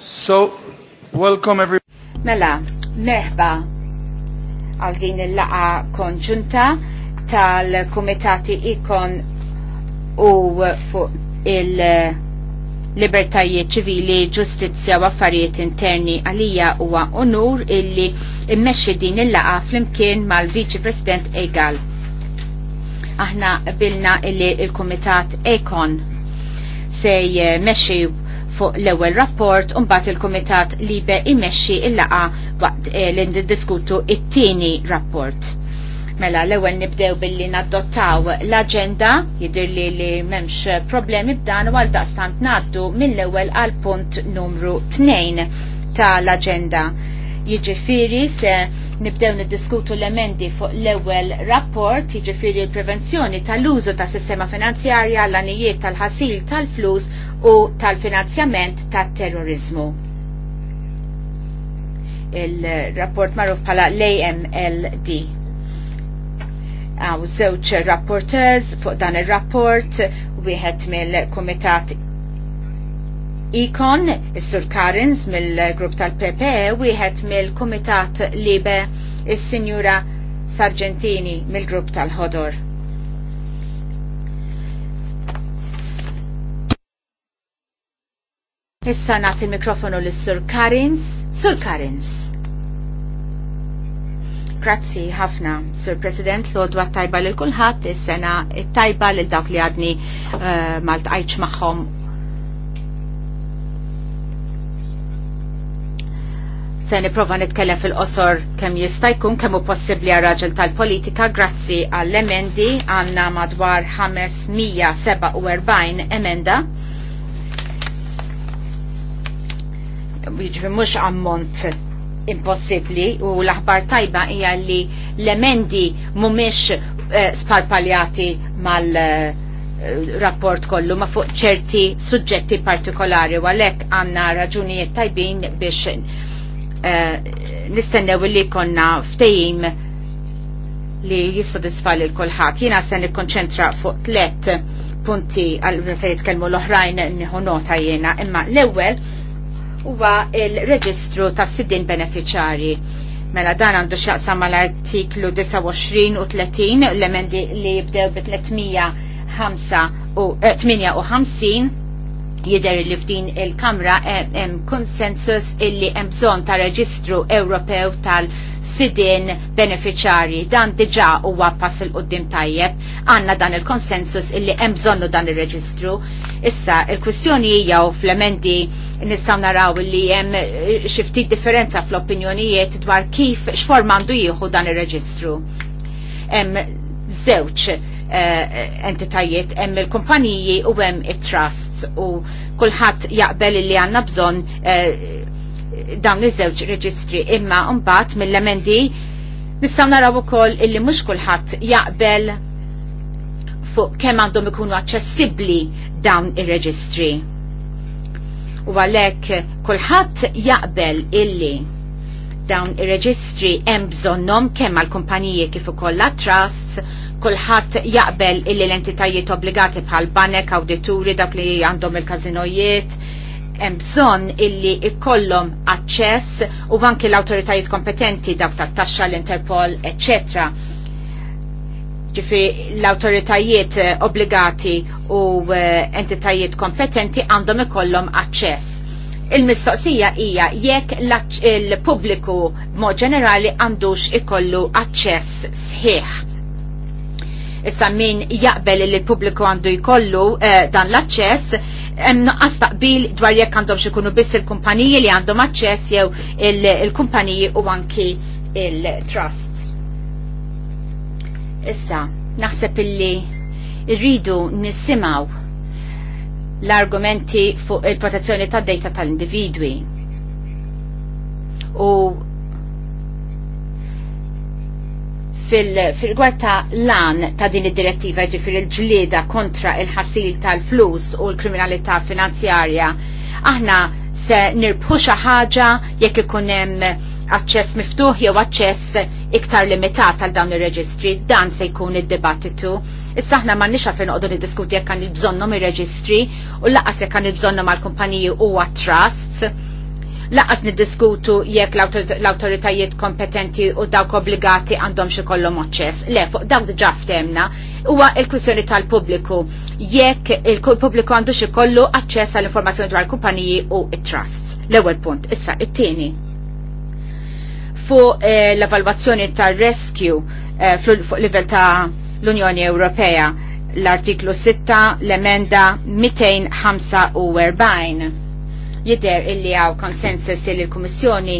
So, welcome everyone. Mela, merħba għal din il-laqa konġunta tal-Komitati Ikon u fuq il-Libertajiet ċivili, Ġustizzja u Affarijiet Interni għalija huwa onur illi immexxi din il-laqa flimkien mal-Viċi President Egal. Aħna bilna illi il-Komitat Ekon se meċi fuq l-ewwel rapport u mbagħad il-Kumitat Libe immexxi il-laqa waqt eh, li niddiskutu it-tieni rapport. Mela l-ewwel nibdew billi naddottaw l-aġenda jidir li li m'hemmx problemi b'dan u għal daqstant ngħaddu mill-ewwel għal punt numru 2 tal-aġenda Jiġifieri se nibdew niddiskutu l-emendi fuq l-ewwel rapport, jiġifieri l-prevenzjoni tal-użu ta' sistema finanzjarja l-anijiet tal-ħasil tal-flus u tal-finanzjament tat-terrorizmu. Il-rapport magħruf bħala l-AMLD. Għaw żewġ rapporters fuq dan ir rapport wieħed mill-Kumitat Ikon, Sur Karins mill-grupp tal pp e, wieħed mill-Kumitat Libe, is-Sinjura Sargentini mill-grupp tal-Ħodor. Issa nagħti il-mikrofonu lis sur Karins. Sur Karins. Grazzi ħafna, Sur President, l-odwa tajba lil kulħadd, is-sena tajba lil dak li għadni uh, eh, mal-tqajċ magħhom Se niprofa nitkellem fil-qosor kemm jista' jkun kemm hu possibbli għal raġel tal-politika grazzi għall-emendi għandna madwar 547 emenda. Jiġri mhux ammont impossibbli u l-aħbar tajba hija li l-emendi mhumiex eh, spalpaljati sparpaljati mal eh, rapport kollu ma fuq ċerti suġġetti partikolari u għalhekk għandna raġunijiet tajbin biex Eh, nistennew li konna ftejim li jissodisfa li l-kolħat. Jina se nikkonċentra fuq tlet punti għal-referiet kelmu l-oħrajn nħu nota jena. Imma l-ewel huwa il-reġistru tas siddin beneficjari. Mela dan għandu xaqsa mal-artiklu 29 u 30 l-emendi li jibdew bi 358 jider li f'din il-Kamra hemm konsensus illi hemm bżonn ta' reġistru Ewropew tal-sidin beneficjari. Dan diġà huwa pass il qoddim tajjeb, għandna dan il-konsensus illi hemm bżonnu dan ir-reġistru. Issa il-kwistjoni hija u fl-emendi nistgħu naraw li hemm eh, xi ftit differenza fl-opinjonijiet dwar kif x'formandu għandu jieħu dan ir-reġistru. Hemm żewġ Eh, entitajiet hemm il-kumpaniji u hemm it-trusts u kulħadd jaqbel li għandna bżonn eh, dawn iż-żewġ reġistri imma mbagħad mill-emendi nistgħu naraw ukoll illi mhux kulħadd jaqbel fuq kemm għandhom ikunu aċċessibbli dawn ir-reġistri. U għalhekk kulħadd jaqbel illi dawn ir-reġistri hemm bżonnhom kemm għall-kumpaniji kif ukoll trusts Kulħadd jaqbel illi l-entitajiet obbligati bħal banek, awdituri, dak li għandhom il-kazinojiet, hemm bżonn illi ikollhom aċċess u anki l-awtoritajiet kompetenti dawk tat-taxxa l-Interpol, etc. Ġifri l-awtoritajiet obbligati u eh, entitajiet kompetenti għandhom ikollhom aċċess. Il-mistoqsija hija jekk il-pubbliku b'mod ġenerali għandux ikollu aċċess sħiħ Issa min jaqbel li l-pubbliku għandu jkollu eh, dan l-aċċess, hemm nuqqas taqbil dwar jekk għandhom xikunu biss il-kumpaniji li għandhom aċċess jew il-kumpaniji u anki il-trusts. Issa, naħseb illi rridu nissimaw l-argumenti fuq il-protezzjoni tad data tal-individwi. U fil-gwar ta' lan ta' din id-direttiva ġifir il-ġlieda kontra il-ħassil tal-flus u l-kriminalità finanzjarja. Aħna se nirbħu xi ħaġa jekk ikun hemm aċċess miftuħ jew aċċess iktar limitat għal dawn ir-reġistri, dan se jkun id-dibattitu. Issa aħna ma nixaf fejn qogħdu niddiskuti jekk kan il-bżonnhom ir-reġistri u laqas jekk kan il-bżonnhom għall-kumpaniji huwa trusts laqas niddiskutu jekk l-autoritajiet kompetenti u dawk obbligati għandhom xi kollhom aċċess. Le, fuq dawk diġà ftemna huwa l-kwissjoni tal-pubbliku. Jekk il-pubbliku għandu xi kollu aċċess għall informazzjoni dwar kumpaniji u it-trusts. L-ewwel punt, issa it-tieni. Fuq eh, l-evalwazzjoni tar-rescue eh, fuq livell ta' l-Unjoni Ewropea l-artiklu 6 l-emenda 245 jider illi għaw konsensus illi l-Kummissjoni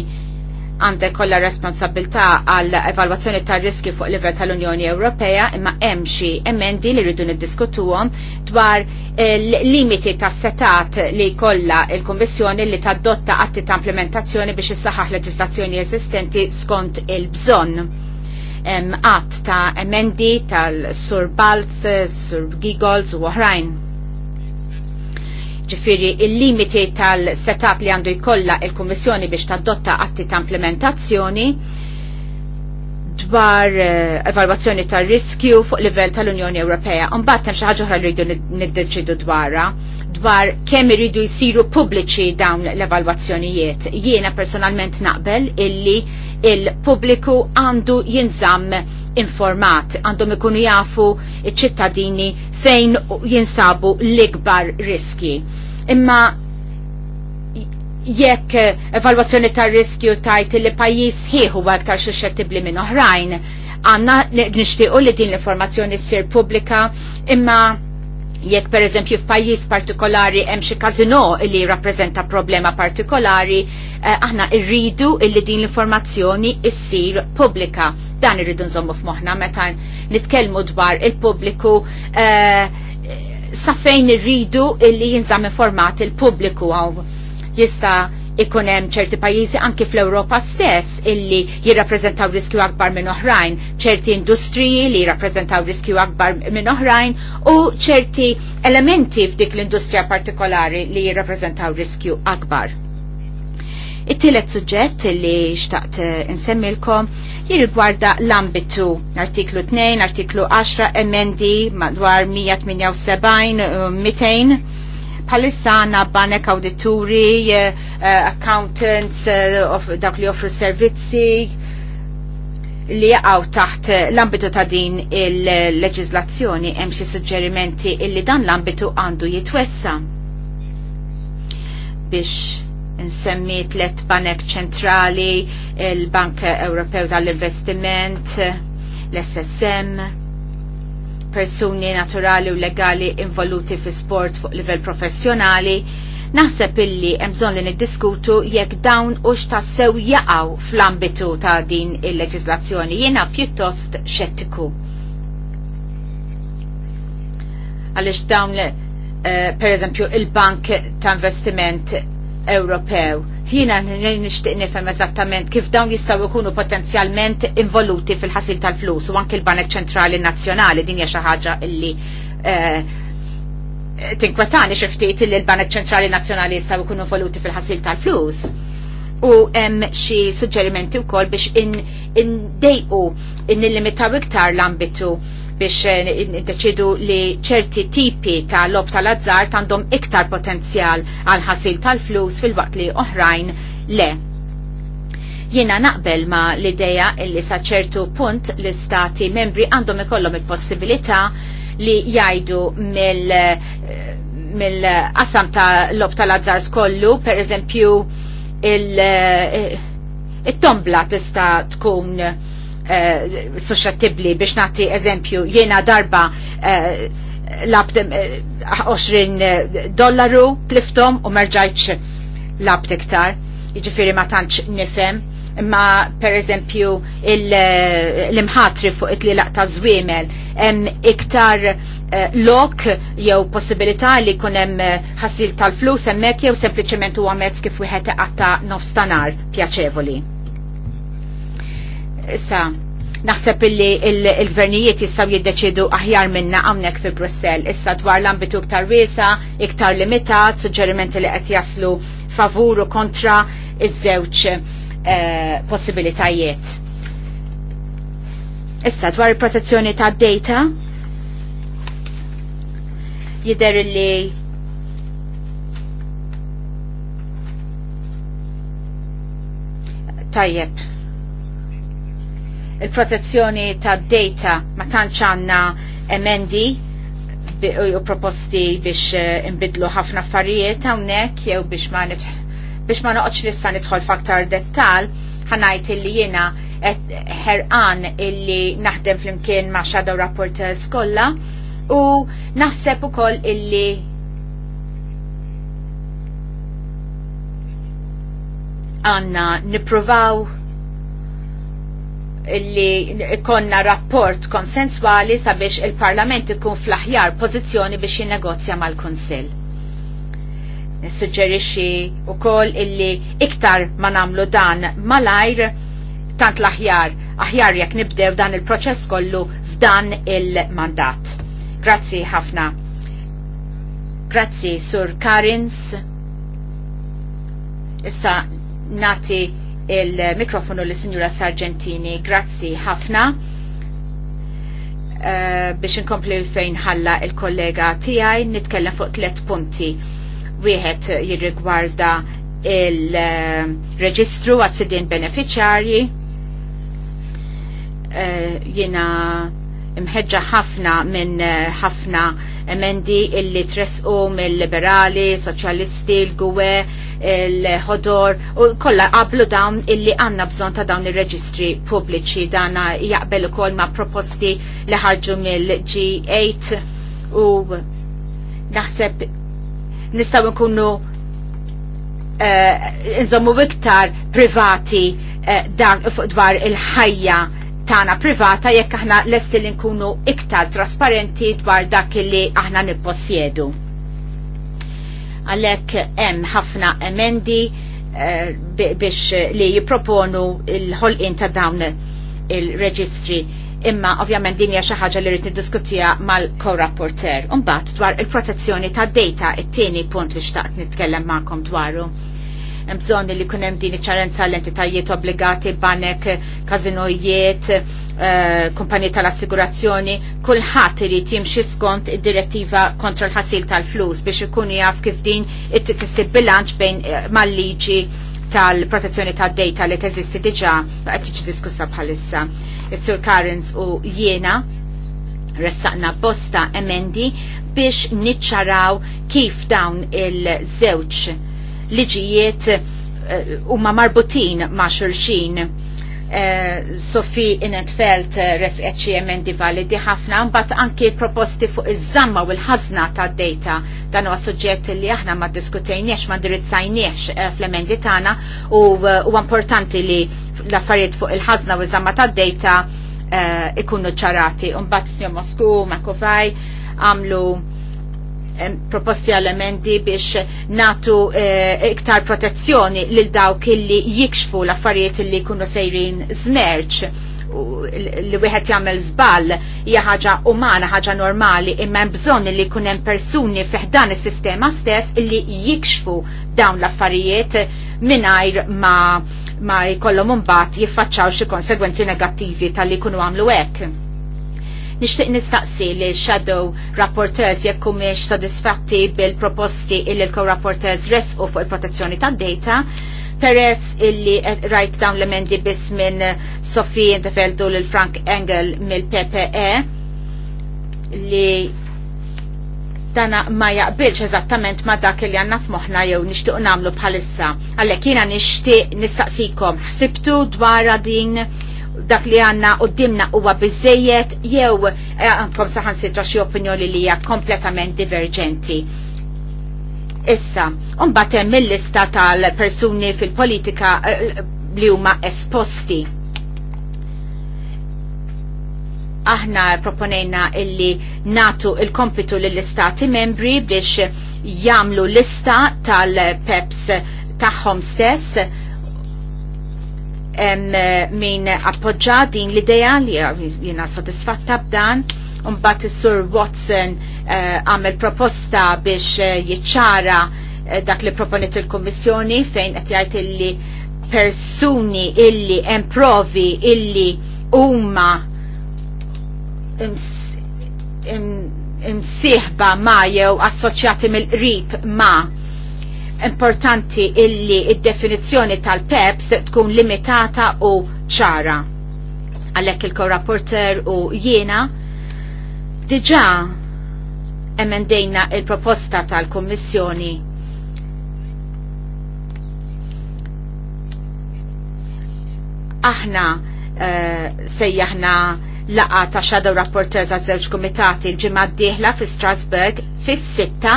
għandha kollha responsabilità għall evalwazzjoni tar riski fuq livell tal-Unjoni Ewropea imma hemm xi emendi li rridu niddiskutuhom dwar eh, limiti ta' setat li kollha il-Kummissjoni li tadotta atti ta' implementazzjoni biex issaħħaħ leġislazzjoni eżistenti skont il-bżonn. Att ta' emendi tal-Sur Balz, Sur Gigolz u oħrajn ġifiri il-limiti tal-setup li għandu jkollha il-Kummissjoni biex tadotta atti ta' implementazzjoni dwar eh, evalwazzjoni tar riskju fuq livell tal-Unjoni Ewropea. Un hemm xi ħaġa oħra li rridu niddeċidu dwarha dwar kemm iridu jsiru pubbliċi dawn l-evalwazzjonijiet. Jiena personalment naqbel illi il-pubbliku għandu jinżamm informat, għandhom ikunu jafu ċittadini fejn jinsabu l-ikbar riski. Imma jekk evalwazzjoni tar riskju tajt li pajjiż ħieħu għaktar aktar suscettibbli minn oħrajn, għandna nixtiequ li din l-informazzjoni ssir pubblika imma jekk per eżempju f'pajjiż partikolari hemm xi kazino li rappreżenta problema partikolari, eh, aħna rridu illi din l-informazzjoni issir pubblika. Dan irridu nżommu f'moħħna meta nitkellmu dwar il-pubbliku eh, sa fejn irridu illi jinżamm informat il-pubbliku għaw jista' ikun hemm ċerti pajjiżi anki fl-Ewropa stess illi jirrappreżentaw riskju akbar minn oħrajn, ċerti industriji li jirrapprezentaw riskju akbar minn oħrajn u ċerti elementi f'dik l-industrija partikolari li jirrappreżentaw riskju akbar. It-tielet suġġett li xtaqt eh, insemmilkom jirrigwarda l-ambitu artiklu 2, artiklu 10, emendi madwar 178, 200 Palissa għanna banek auditori, eh, eh, accountants, eh, dak li offru servizzi, li għaw taħt l-ambitu ta' din il-leġizlazzjoni hemm xi suġġerimenti illi dan l-ambitu għandu jitwessa biex nsemmi tlet banek ċentrali, il-Bank Ewropew tal-Investiment, l-SSM, persuni naturali u legali involuti fi sport fuq livell professjonali, naħseb illi emżon li niddiskutu jekk dawn u x'tassew jaqaw fl-ambitu ta' din il leġizlazzjoni Jiena pjuttost xettiku. Għaliex dawn Uh, per eżempju il-bank ta' investiment Ewropew. Jiena nixtieq nifhem eżattament kif dawn jistgħu jkunu potenzjalment involuti fil-ħasil tal-flus u anke l-Banek Ċentrali Nazzjonali din hija xi ħaġa illi eh, tinkwetani xi ftit li l-Banek Ċentrali Nazzjonali jistgħu jkunu involuti fil-ħasil tal-flus. U hemm xi suġġerimenti wkoll biex indejqu in nillimitaw iktar l-ambitu biex eh, nindeċidu li ċerti tipi ta' lob tal-azzar għandhom iktar potenzjal għal ħasil tal-flus fil-waqt li oħrajn le. Jiena naqbel ma l-ideja illi sa ċertu punt l-istati membri għandhom ikollhom il-possibilità li jgħidu mill eh, mill-qasam ta' lob tal-azzar kollu, per eżempju, eh, il-tombla tista' tkun uh, eh, suscettibli biex nagħti eżempju jiena darba uh, eh, 20 eh, dollaru tliftom u merġajċ labt iktar. Jiġifieri ma tantx nifhem imma per eżempju l-imħatri fuq it-li laqta zwimel iktar lok jew possibilità li kun hemm ħassil tal-flus hemmhekk jew sempliċement huwa mezz kif wieħed nofs tanar pjaċevoli. Issa, naħseb illi il-gvernijiet jistaw jiddeċidu aħjar minna għamnek fi Brussel. Issa dwar l-ambitu iktar wiesa, iktar limitat, suġġerimenti li qed jaslu favur u kontra iż-żewġ eh, possibilitajiet. Issa dwar il-protezzjoni ta' data jider li tajjeb il-protezzjoni ta' data ma tantx għandna emendi u proposti biex eh, imbidlu ħafna affarijiet hawnhekk jew biex ma biex ma noqgħodx nista' nidħol f'aktar dettal ħanajt illi jiena qed ħerqan illi naħdem flimkien ma' shadow rapporters kollha u naħseb ukoll illi għanna nipruvaw li konna rapport konsensuali sabiex il-Parlament ikun fl-aħjar pozizjoni biex jinnegozja mal-Kunsill. Nissuġġerixxi wkoll illi iktar ma nagħmlu dan malajr tant l-aħjar aħjar jekk nibdew dan il-proċess kollu f'dan il-mandat. Grazzi ħafna. Grazzi Sur Karins. Issa nati il-mikrofonu li Signora Sargentini. Grazzi ħafna eh, biex nkompli fejn ħalla il-kollega tiegħi nitkellem fuq tliet punti. Wieħed jirrigwarda il-reġistru għas-sidien beneficjarji. Eh, jina imħedġa ħafna minn ħafna uh, emendi illi tresqu mill-liberali, soċjalisti, l-gwe, l-ħodor u kollha qablu dawn illi għandna bżonn ta' dawn ir-reġistri pubbliċi dan jaqbel ukoll ma' proposti li ħarġu mill-G8 u naħseb nistgħu nkunu uh, nżommu iktar privati uh, dan dwar il-ħajja tana privata jekk aħna lesti li nkunu iktar trasparenti dwar dak li aħna nipposjedu. Għalek hemm ħafna emendi uh, biex li jiproponu il-ħolqin ta' dawn il-reġistri imma ovvjament din hija xi ħaġa li rrid niddiskutija mal korrapporter Imbagħad dwar il-protezzjoni tad data it-tieni punt li xtaqt nitkellem magħkom dwaru bżon li kunem din iċ-ċarenza l-entitajiet obbligati, banek, kazinojiet, eh, kumpanji tal-assigurazzjoni, kulħadd irid jimxi skont id-direttiva kontra l-ħasil tal-flus biex ikun jaf kif din it-tissib bilanċ bejn eh, mal-liġi tal-protezzjoni tad data li teżisti diġa qed tiġi diskussa bħalissa. Is-Sur Karens u jiena ressaqna bosta emendi biex niċċaraw kif dawn il-żewġ liġijiet eh, huma marbutin ma' xulxin. Eh, Sofi Inetfeld res xi emendi validi ħafna mbagħad anki proposti fuq iż-żamma u l-ħażna tad-data dan huwa suġġett li aħna ma ddiskutejniex ma ndirizzajniex eh, fl-emendi tagħna u huwa importanti li l-affarijiet fuq il ħazna u iż-żamma tad-data ikunu ċarati. Mbagħad Sinjor Mosku, Makovaj għamlu proposti elementi biex natu eh, iktar protezzjoni lil dawk illi jikxfu l-affarijiet li kunu sejrin zmerċ li wieħed jagħmel żball hija ħaġa umana, ħaġa normali, imma hemm bżonn li jkun hemm persuni fih dan is-sistema stess li jikxfu dawn l-affarijiet mingħajr ma ma jkollhom imbagħad jiffaċċaw xi konsegwenzi negattivi tal-li jkunu għamlu hekk. Nixtieq nistaqsi li shadow rapporteurs jekk mhumiex sodisfatti bil-proposti illi l-co-rapporteurs resqu fuq il-protezzjoni tad-data peress illi rajt dawn l-emendi biss minn Sofie Intefeldu l Frank Engel mill-PPE li dana ma jaqbilx eżattament ma dak li għanna f'moħna jew nixtiequ namlu bħalissa. Għalhekk jiena nixtieq nistaqsikom ħsibtu dwar din dak li għanna u dimna huwa għabizzejiet jew għankom eh, saħan sitra xi opinjoni li hija kompletament divergenti. Issa, unbat hemm il-lista tal-persuni fil-politika eh, li huma esposti. Aħna proponejna illi natu il-kompitu lill-istati membri biex jamlu lista tal-PEPS tagħhom stess Eh, min appoġġa din l-ideja li eh, jena sodisfatta b'dan. un is-Sur Watson eh, għamel proposta biex jiċċara dak li proponit il-Kommissjoni fejn qed jgħid illi persuni illi improvi illi huma imsieħba ma jew assoċjati mill-qrib ma' importanti illi id-definizzjoni tal-PEPS tkun limitata u ċara. Għalhekk il-korrapporter u jiena diġà emendejna il-proposta tal-Kommissjoni aħna uh, sejjaħna laqa ta' Shadow rapporter għaż żewġ kumitati l ġimad d-dieħla fi Strasburg fis-sitta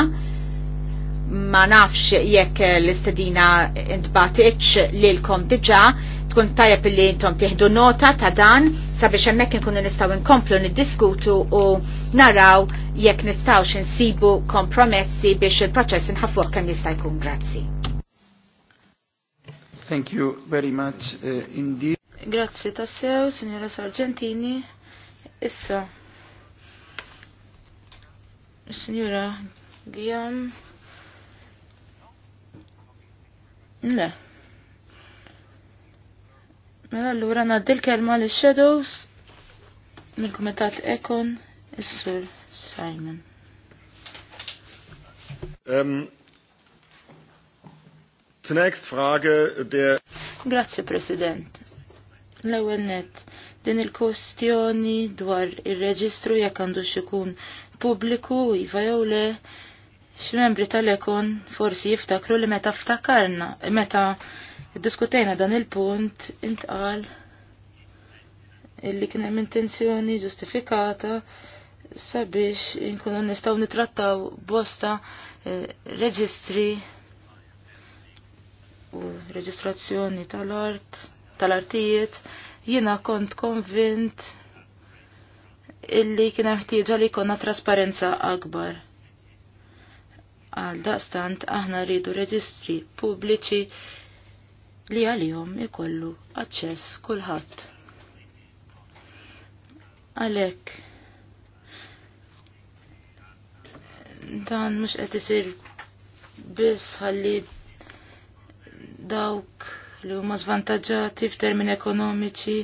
ma nafx jekk l-istedina intbatiċ lilkom diġa, tkun tajab li intom tieħdu nota ta' dan sabiex hemmhekk nkunu nistgħu nkomplu niddiskutu u naraw jekk nistgħux insibu kompromessi biex il-proċess inħafuh kemm jista' jkun. Grazzi. Thank you very much uh, indeed. Grazzi tassew, signora Sargentini. Issa, signora Guillaume. Le. Mela l ngħaddi naddil kelma li shadows mill kumetat Ekon is-Sur Simon. Um, zunächst Frage der Grazie President. L-ewwel din il kustjoni dwar ir-reġistru il jekk għandux ikun pubbliku iva jew le X'membri tal-ekon forsi jiftakru li meta ftakarna, meta diskutejna dan il-punt intqal illi kien hemm intenzjoni ġustifikata sabiex inkunu nistgħu nitrattaw bosta eh, reġistri u reġistrazzjoni tal-art, tal-artijiet, jiena kont konvint illi kien ħtieġa li jkollna trasparenza akbar. Għal daqstant aħna rridu reġistri pubbliċi li għalihom ikollu aċċess kulħadd. Għalhekk dan mhux qed isir biss ħalli dawk li huma żvantaġġati f'termini ekonomiċi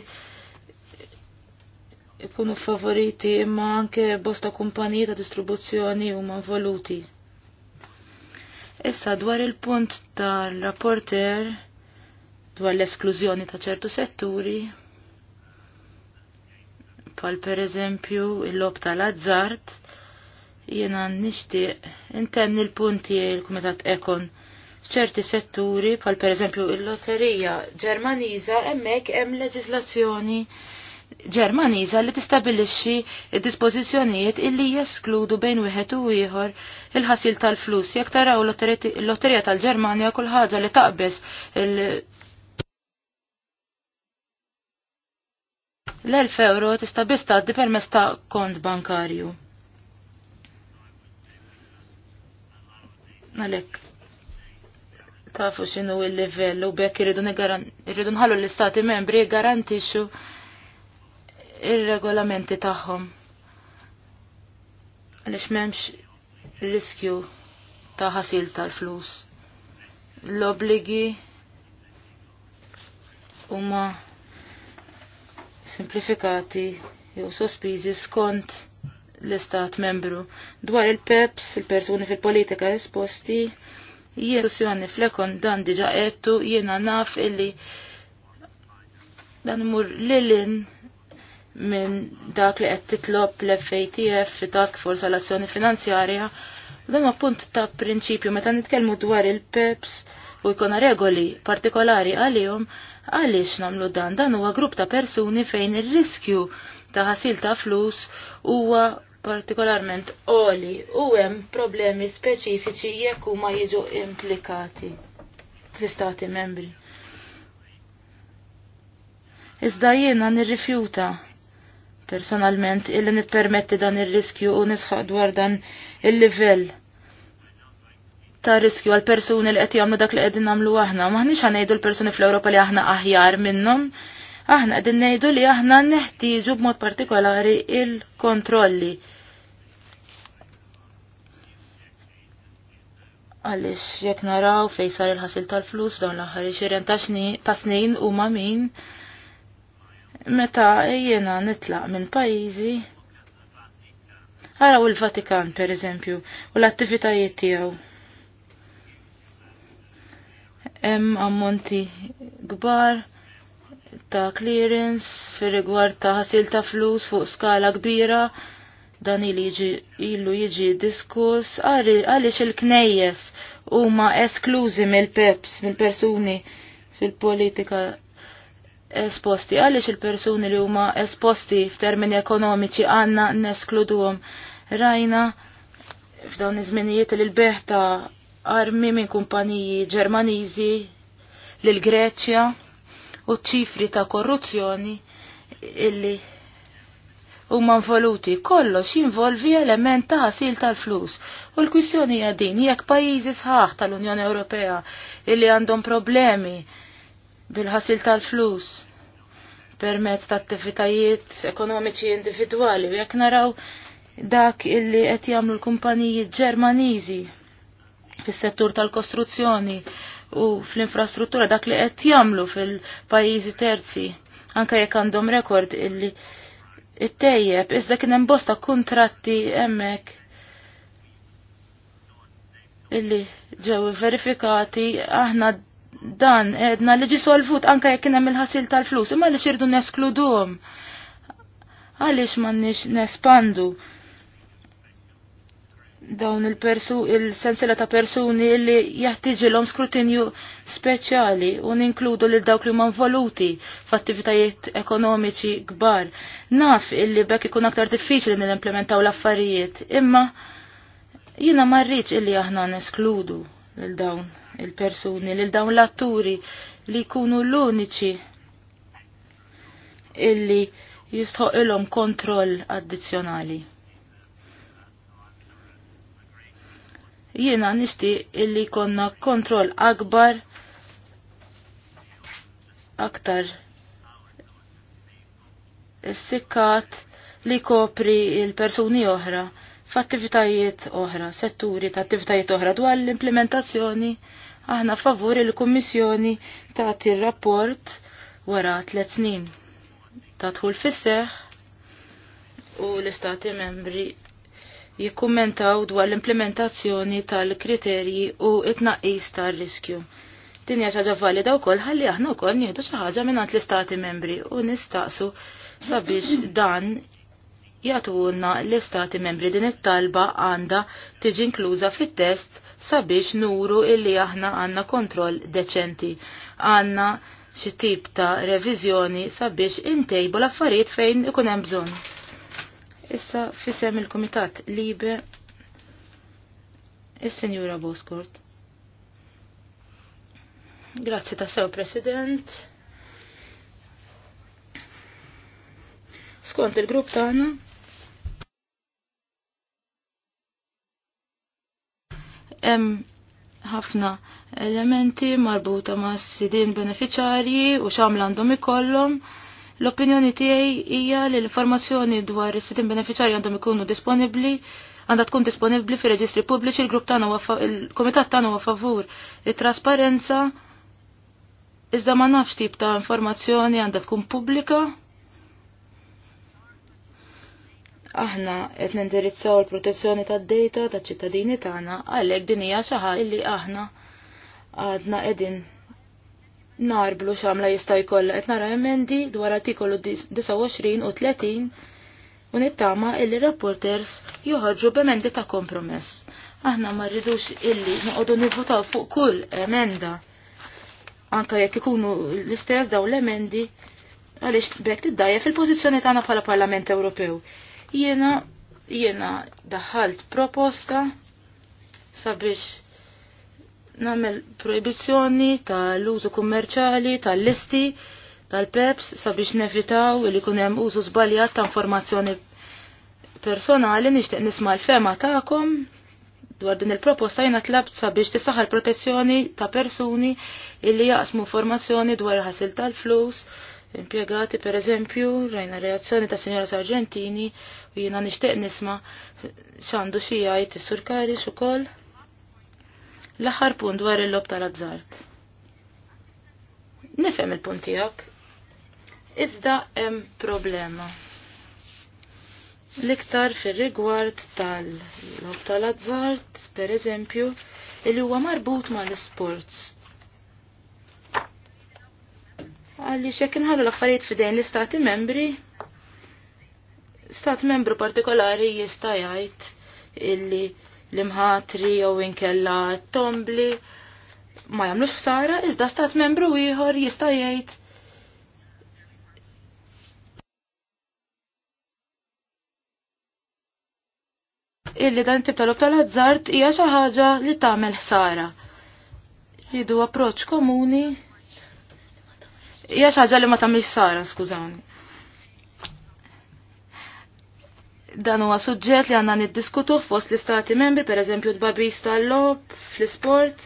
ikunu favoriti imma anke bosta kumpaniji ta' distribuzzjoni huma voluti. Issa dwar il-punt tal-rapporter dwar l-esklużjoni ta' ċertu setturi, pal per eżempju il-lob tal-azzart, jena nishtiq intemni il punti il-Kumitat Ekon ċerti setturi, pal per eżempju il-lotterija ġermaniza, emmek hemm leġislazzjoni Ġermaniża li tistabilixxi dispożizzjonijiet illi jeskludu bejn wieħed u ieħor il-ħasil tal-flus. Jekk taraw l-Lotterija tal-Ġermanja kull ħaġa li taqbes l-1000 euro tista' biss tgħaddi permezz ta' kont bankarju. Għalhekk tafu x'inhu l-livell u bekk irridu nħallu l-istati membri jiggarantixxu ir-regolamenti tagħhom. Għaliex m'hemmx riskju ta' ħasil tal-flus. L-obligi huma simplifikati jew sospiżi skont l-istat membru. Dwar il-PEPS, il-persuni fil-politika esposti, jien diskussjoni flekon dan diġa qedtu jiena naf illi dan imur lilin minn dak li qed titlob l-FATF fi task force għal azzjoni finanzjarja. Dan punt ta' prinċipju meta nitkellmu dwar il-PEPS u jkollna regoli partikolari għalihom għaliex nagħmlu dan dan huwa grupp ta' persuni fejn ir-riskju ta' ħasil ta' flus huwa partikolarment oli u hemm problemi speċifiċi jekk huma jiġu implikati fl-istati membri. Iżda jiena nirrifjuta personalment illi nippermetti dan ir-riskju u nisħaq dwar dan il-livell ta' riskju għal persuni li qed jagħmlu dak li qegħdin nagħmlu aħna. Maħniex ħanejdu l-persuni fl-Ewropa li aħna aħjar minnhom, aħna qegħdin ngħidu li aħna neħtieġu b'mod partikolari il-kontrolli. Għaliex jekk naraw fejn sar il-ħasil tal-flus dawn l-aħħar 20 ta' snin huma min Meta jiena nitlaq minn pajjiżi, għaraw il-Vatikan per eżempju u l-attivitajiet tiegħu. Hemm ammonti kbar ta' clearance fir rigward ta' ħasil ta' flus fuq skala kbira dan il illu jiġi diskuss għaliex il-knejjes huma esklużi mill-peps, mill-persuni fil-politika esposti għaliex il-persuni li huma esposti f'termini ekonomiċi għandna neskluduhom. Rajna f'dawn iż-żminijiet li l-beħ ta' armi minn kumpaniji Ġermaniżi lil Greċja u ċifri ta' korruzzjoni illi huma involuti kollox jinvolvi element ta' ħasil tal-flus. U l-kwistjoni hija din jekk pajjiżi sħaħ tal-Unjoni Ewropea illi għandhom problemi bil-ħasil tal-flus permezz ta' attivitajiet ekonomiċi individwali u jekk naraw dak illi qed jagħmlu l-kumpaniji Ġermaniżi fis-settur tal-kostruzzjoni u fl-infrastruttura dak li qed jagħmlu fil-pajjiżi terzi anke jekk għandhom rekord illi it-tejjeb iżda kien hemm bosta kuntratti hemmhekk illi ġew verifikati aħna dan edna li ġi solvut anka jekk hemm il-ħasil tal-flus, imma li xirdu neskludum. Għaliex m'għandniex nespandu dawn il-persu il-sensela ta' persuni illi jaħtiġilhom skrutinju speċjali u ninkludu lil dawk li huma voluti f'attivitajiet ekonomiċi kbar. Naf illi bekk ikun aktar diffiċli nil-implementaw l-affarijiet, imma jiena ma rridx illi aħna neskludu lil dawn il-persuni, lil dawn l-atturi li jkunu l-uniċi illi jistħoq ilhom kontroll addizzjonali. Jiena nixtieq illi konna kontroll akbar aktar is-sikkat li kopri il-persuni oħra f'attivitajiet oħra, setturi ta' attivitajiet oħra dwar l-implementazzjoni aħna favur il-Kummissjoni tagħti rapport wara tliet snin. Ta' dħul fis-seħ u l-Istati membri jikkummentaw dwar l-implementazzjoni tal-kriterji u it-naqis tar-riskju. Din hija xi ħaġa valida wkoll ħalli aħna wkoll nieħdu xi ħaġa mingħand l-Istati membri u nistaqsu sabiex dan jagħtuna l-Istati membri din it-talba għandha tiġi inkluża fit-test sabiex nuru illi aħna għanna kontroll deċenti. Għanna xi tip ta' reviżjoni sabiex intejbu l-affarijiet fejn ikun hemm bżonn. Issa fisem il-Kumitat Libe is-Sinjura Boskort. Grazzi ta' sew President. Skont il-grupp tagħna hemm ħafna elementi marbuta ma' sidin beneficjarji u xaml għandhom ikollhom. L-opinjoni tiegħi hija li l-informazzjoni dwar is-sidin beneficjarji għandhom ikunu disponibbli għandha tkun disponibbli fi reġistri pubbliċi, il-grupp tagħna il-kumitat tagħna huwa favur it-trasparenza iżda ma nafx tip ta' informazzjoni għandha tkun pubblika aħna qed nindirizzaw il-protezzjoni tad-data taċ-ċittadini tagħna għalhekk din hija xi li aħna għadna qegħdin narblu x'għamla jista' jkollha qed nara emendi dwar artikolu 29 u 30 u nittama illi reporters joħorġu b'emendi ta' kompromess. Aħna ma rridux illi noqogħdu nivvotaw fuq kull emenda. Anka jekk ikunu l-istess daw l-emendi għaliex bekk tiddajja fil-pożizzjoni tagħna bħala Parlament Ewropew. Jiena jiena daħalt proposta sabiex nagħmel proibizzjoni tal-użu kummerċali tal-listi tal-peps sabiex nevitaw li kunem hemm użu żbaljat ta' informazzjoni personali nixtieq nisma' l-fema tagħkom dwar din il-proposta jina tlabt sabiex tisaħal protezzjoni ta' persuni illi jaqsmu informazzjoni dwar ħasil tal-flus, impjegati per eżempju rajna reazzjoni ta' Sinjora Sargentini u jiena nixtieq nisma' x'għandu xi jgħid is-Sur Karis ukoll. L-aħħar punt dwar il-lob tal-azzart. Nifhem il-punt tiegħek. Iżda hemm problema. L-iktar fir-rigward tal-lob tal-azzart, per eżempju, li huwa marbut mal-isports Għalli xek ħallu l-affarijiet fidejn l-istati membri, stat membru partikolari jista' jgħid illi l-imħatri jew inkella tombli ma jagħmlux ħsara, iżda stat membru ieħor jista' jgħid illi dan tip tal tal-azzart hija xi ħaġa li tagħmel ħsara. Ridu approċċ komuni hija ħaġa li ma tagħmilx sara, skużani. Dan huwa suġġett li għandna niddiskutu fost l-istati membri, pereżempju d-babis tal-lob fl-isport.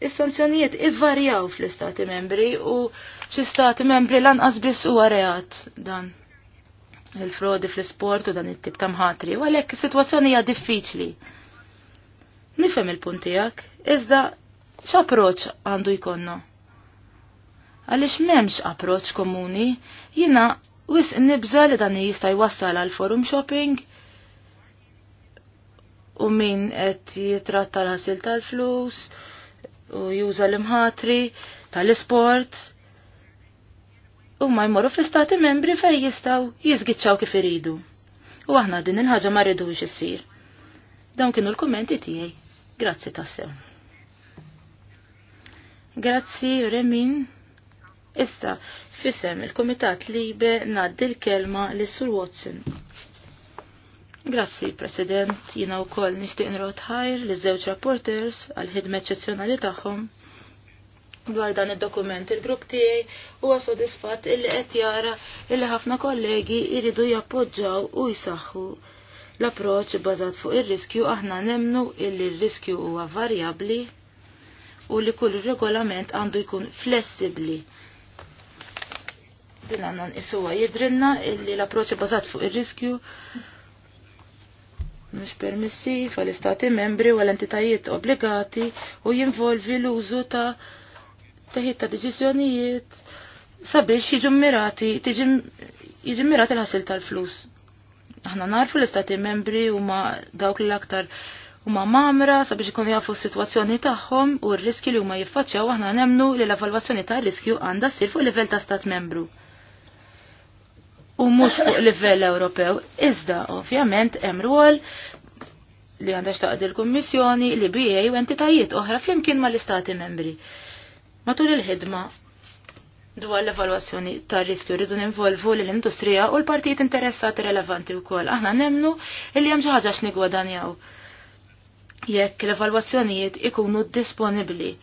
Is-sanzjonijiet ivvarjaw fl-istati membri u xi stati membri lanqas biss huwa reat dan il-frodi fl-isport u dan it-tip ta' mħatri, u għalhekk is-sitwazzjoni hija diffiċli. Nifhem il-punt tiegħek, iżda x'approċċ għandu jkollna? Għaliex m'hemmx approċċ komuni, jiena wis nibża li dan jista' jwassal għal forum shopping u min qed jitratta l-ħasil tal-flus u juża l-imħatri tal-isport u ma jmorru fl-istati membri fej jistaw jizgitċaw kif iridu. U aħna din il-ħaġa ma rridux issir. Dawn kienu l-kummenti tiegħi. Grazzi tassew. Grazzi Remin Issa, fissem il-Komitat Libe nad l-kelma li sur Watson. Grazzi, President, jina u koll nishtiq nrotħajr li żewġ rapporters għal ħidme eccezjonali tagħhom dwar dan id-dokument il-grupp tiegħi huwa sodisfatt illi qed jara illi ħafna kollegi jridu jappoġġaw u jsaħħu l-approċċ bbażat fuq ir-riskju aħna nemnu illi r-riskju huwa varjabbli u li kull regolament għandu jkun flessibbli din għanna nqisuwa jidrinna illi l-approċċ bażat fuq ir-riskju mhux permissi fal istati membri u l-entitajiet obbligati u jinvolvi l-użu ta' teħid ta' deċiżjonijiet sabiex jiġu mirati jiġu mirati l-ħasil tal-flus. Aħna narfu l-istati membri u ma dawk l-aktar u ma mamra sabiex ikun jafu s-situazzjoni tagħhom u r-riski li huma jiffaċċjaw aħna nemnu li l-evalwazzjoni tar-riskju għandha ssir fuq livell ta' stat membru u mhux fuq livell Ewropew. Iżda ovvjament hemm rwol li għandha xtaqd il-Kummissjoni li bija u entitajiet oħra flimkien mal-Istati membri. Matul il-ħidma dwar l-evalwazzjoni tar riskju rridu ninvolvu l industrija u l-partijiet interessati relevanti wkoll. Aħna nemnu li hemm xi ħaġa x'nigwadanjaw. Jekk l-evalwazzjonijiet ikunu disponibbli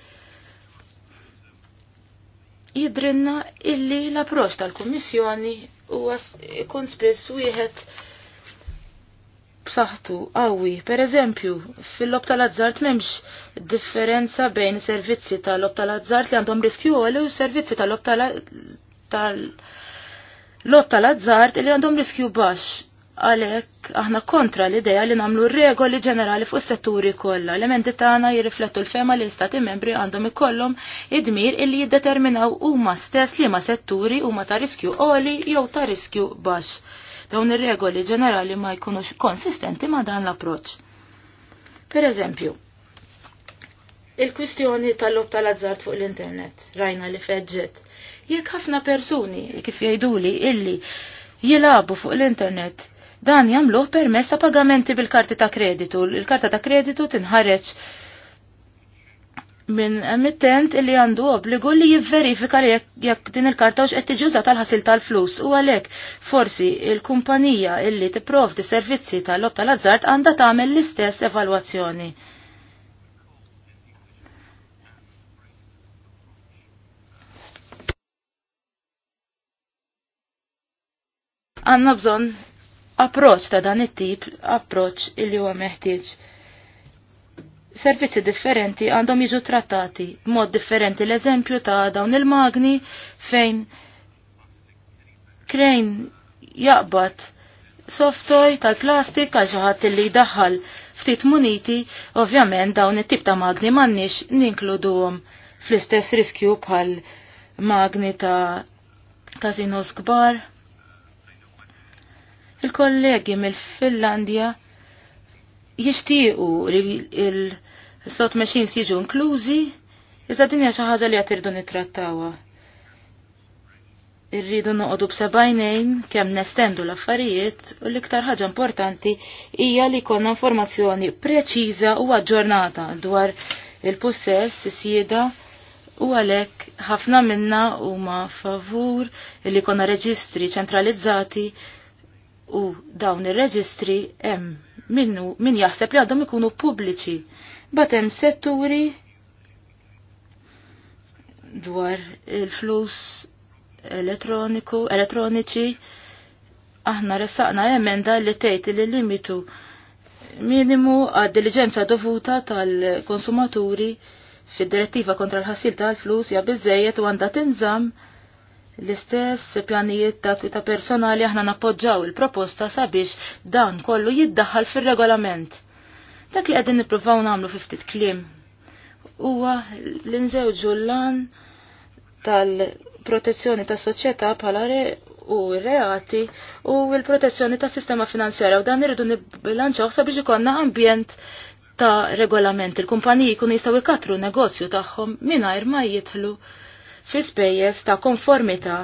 jidrinna illi l-approċ tal-Kummissjoni u ikun spiss wieħed b'saħħtu qawwi. Pereżempju, fil-lob tal-azzart m'hemmx differenza bejn servizzi tal-lob tal-azzart li għandhom riskju għoli u servizzi tal-lob tal-lob tal-azzart li għandhom riskju baxx. Għalek, aħna kontra l-ideja li namlu regoli ġenerali fuq setturi kollha. L-emendi tagħna jirriflettu l-fema li l-istati membri għandhom ikollhom id-dmir illi jiddeterminaw huma stess li ma setturi huma ta' riskju qoli jew ta' riskju baxx. Dawn ir-regoli ġenerali ma jkunux konsistenti ma' dan l-approċċ. Per eżempju, il-kwistjoni tal-lob tal-azzart fuq l-internet, rajna li feġġet. Jekk ħafna persuni kif jgħiduli illi jilabu fuq l-internet Dan jagħmluh permezz ta' pagamenti bil-karti ta' kreditu. Il-karta ta' kreditu tinħareġ minn emittent li għandu obbligu li jivverifika li jekk din il-karta qed tiġi tal-ħasil tal-flus u għalhekk forsi il-kumpanija illi tipprovdi servizzi tal-lob tal-azzart għandha tagħmel l-istess evalwazzjoni. Għanna bżon approach ta' dan it-tip, approċ illi huwa meħtieġ. Servizzi differenti għandhom jiġu trattati b'mod differenti l-eżempju ta' dawn il-magni fejn krejn jaqbad softoj tal-plastik għal xi ħadd illi jdaħħal ftit muniti, ovvjament dawn it-tip ta' magni m'għandniex ninkluduhom fl-istess riskju bħal magni ta' kazinos kbar. Il-kollegi mill-Finlandja jixtiequ li il-slot machines jiġu inklużi, iżda dinja xi ħaġa li qed nitrattawa. nittrattawha. Irridu noqogħdu b'sebajnejn kemm nestendu l-affarijiet u l-iktar ħaġa importanti hija li jkollna informazzjoni preċiża u aġġornata dwar il-possess, is-sieda, u għalek ħafna minna u ma favur li konna reġistri ċentralizzati U dawn ir-reġistri hemm minnu min jaħseb li għadhom ikunu pubbliċi. hemm setturi dwar il-flus elettroniku, elettroniċi, aħna ressaqna emenda li tgħid li limitu minimu għad diligenza dovuta tal-konsumaturi fid-direttiva kontra l-ħassil tal-flus ja biżejjed u għandha tinżamm L-istess pjanijiet ta' personali aħna nappoġġaw il-proposta sabiex dan kollu jiddaħħal fir-regolament. Dak li qegħdin nippruvaw nagħmlu fi ftit kliem huwa l-inżewġu l-lan tal-protezzjoni tas soċjetà bħala re u reati u l-protezzjoni tas sistema finanzjarja u dan irridu nibbilanċaw sabiex ikonna ambjent ta' regolament. Il-kumpaniji jkunu jistgħu ikatru negozju tagħhom mingħajr ma jidħlu fi spejjeż ta' konformità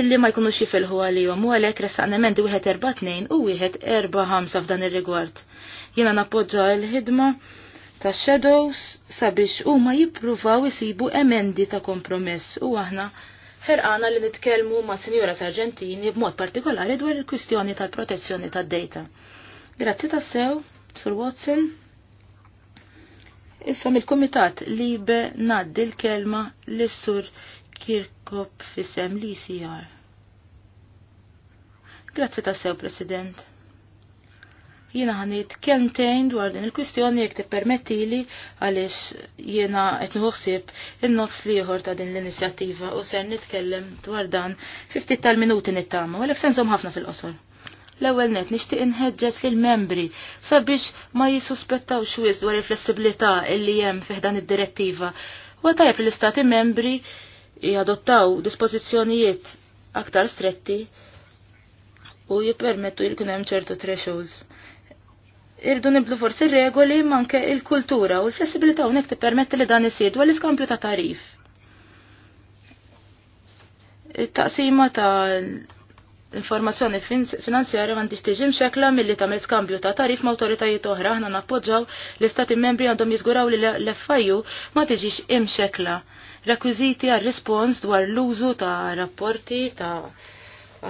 illi ma jkunux jifilħu għalihom u għalhekk ressaqna emendi wieħed erba' tnejn u wieħed erba' ħamsa f'dan ir-rigward. Jiena nappoġġa l-ħidma ta' shadows sabiex huma jippruvaw isibu emendi ta' kompromess u aħna ħerqana li nitkellmu ma' Sinjura Sargentini b'mod partikolari dwar il-kwistjoni tal-protezzjoni tad-dejta. Grazzi tassew, Sur Watson. Issa mill-Kumitat Libe ngħaddi l-kelma l-Sur Kirkop fissem li sijar. Grazzi ta' sew, President. Jiena ħanit kentejn dwar din il-kwistjoni jek permetti li għalix jiena qed nħuħsib in-nofs liħor ta' din l-inizjattiva u ser nitkellem dwar dan 50 tal-minuti nittama, u għalek senżom ħafna fil-qosor. L-ewwel net nixtieq inħeġġeġ lill-membri sabiex ma jisuspettaw xwiz dwar il-flessibilità illi hemm fih dan id-direttiva. U tajjeb l-istati membri jadottaw dispożizzjonijiet aktar stretti u jippermettu jkun hemm ċertu thresholds. Irdu niblu forsi regoli manke il-kultura u l-flessibilità hawnhekk tippermetti li dan isir dwar l-iskampju ta' tarif. It-taqsima ta' informazzjoni finanzjarja għandix tiġi mxekla milli tagħmel skambju ta' tarif ma' awtoritajiet oħra aħna nappoġġaw l-istati membri għandhom jiżguraw li l-FIU ma tiġix xekla rekwiżiti għal rispons dwar l-użu ta' rapporti ta'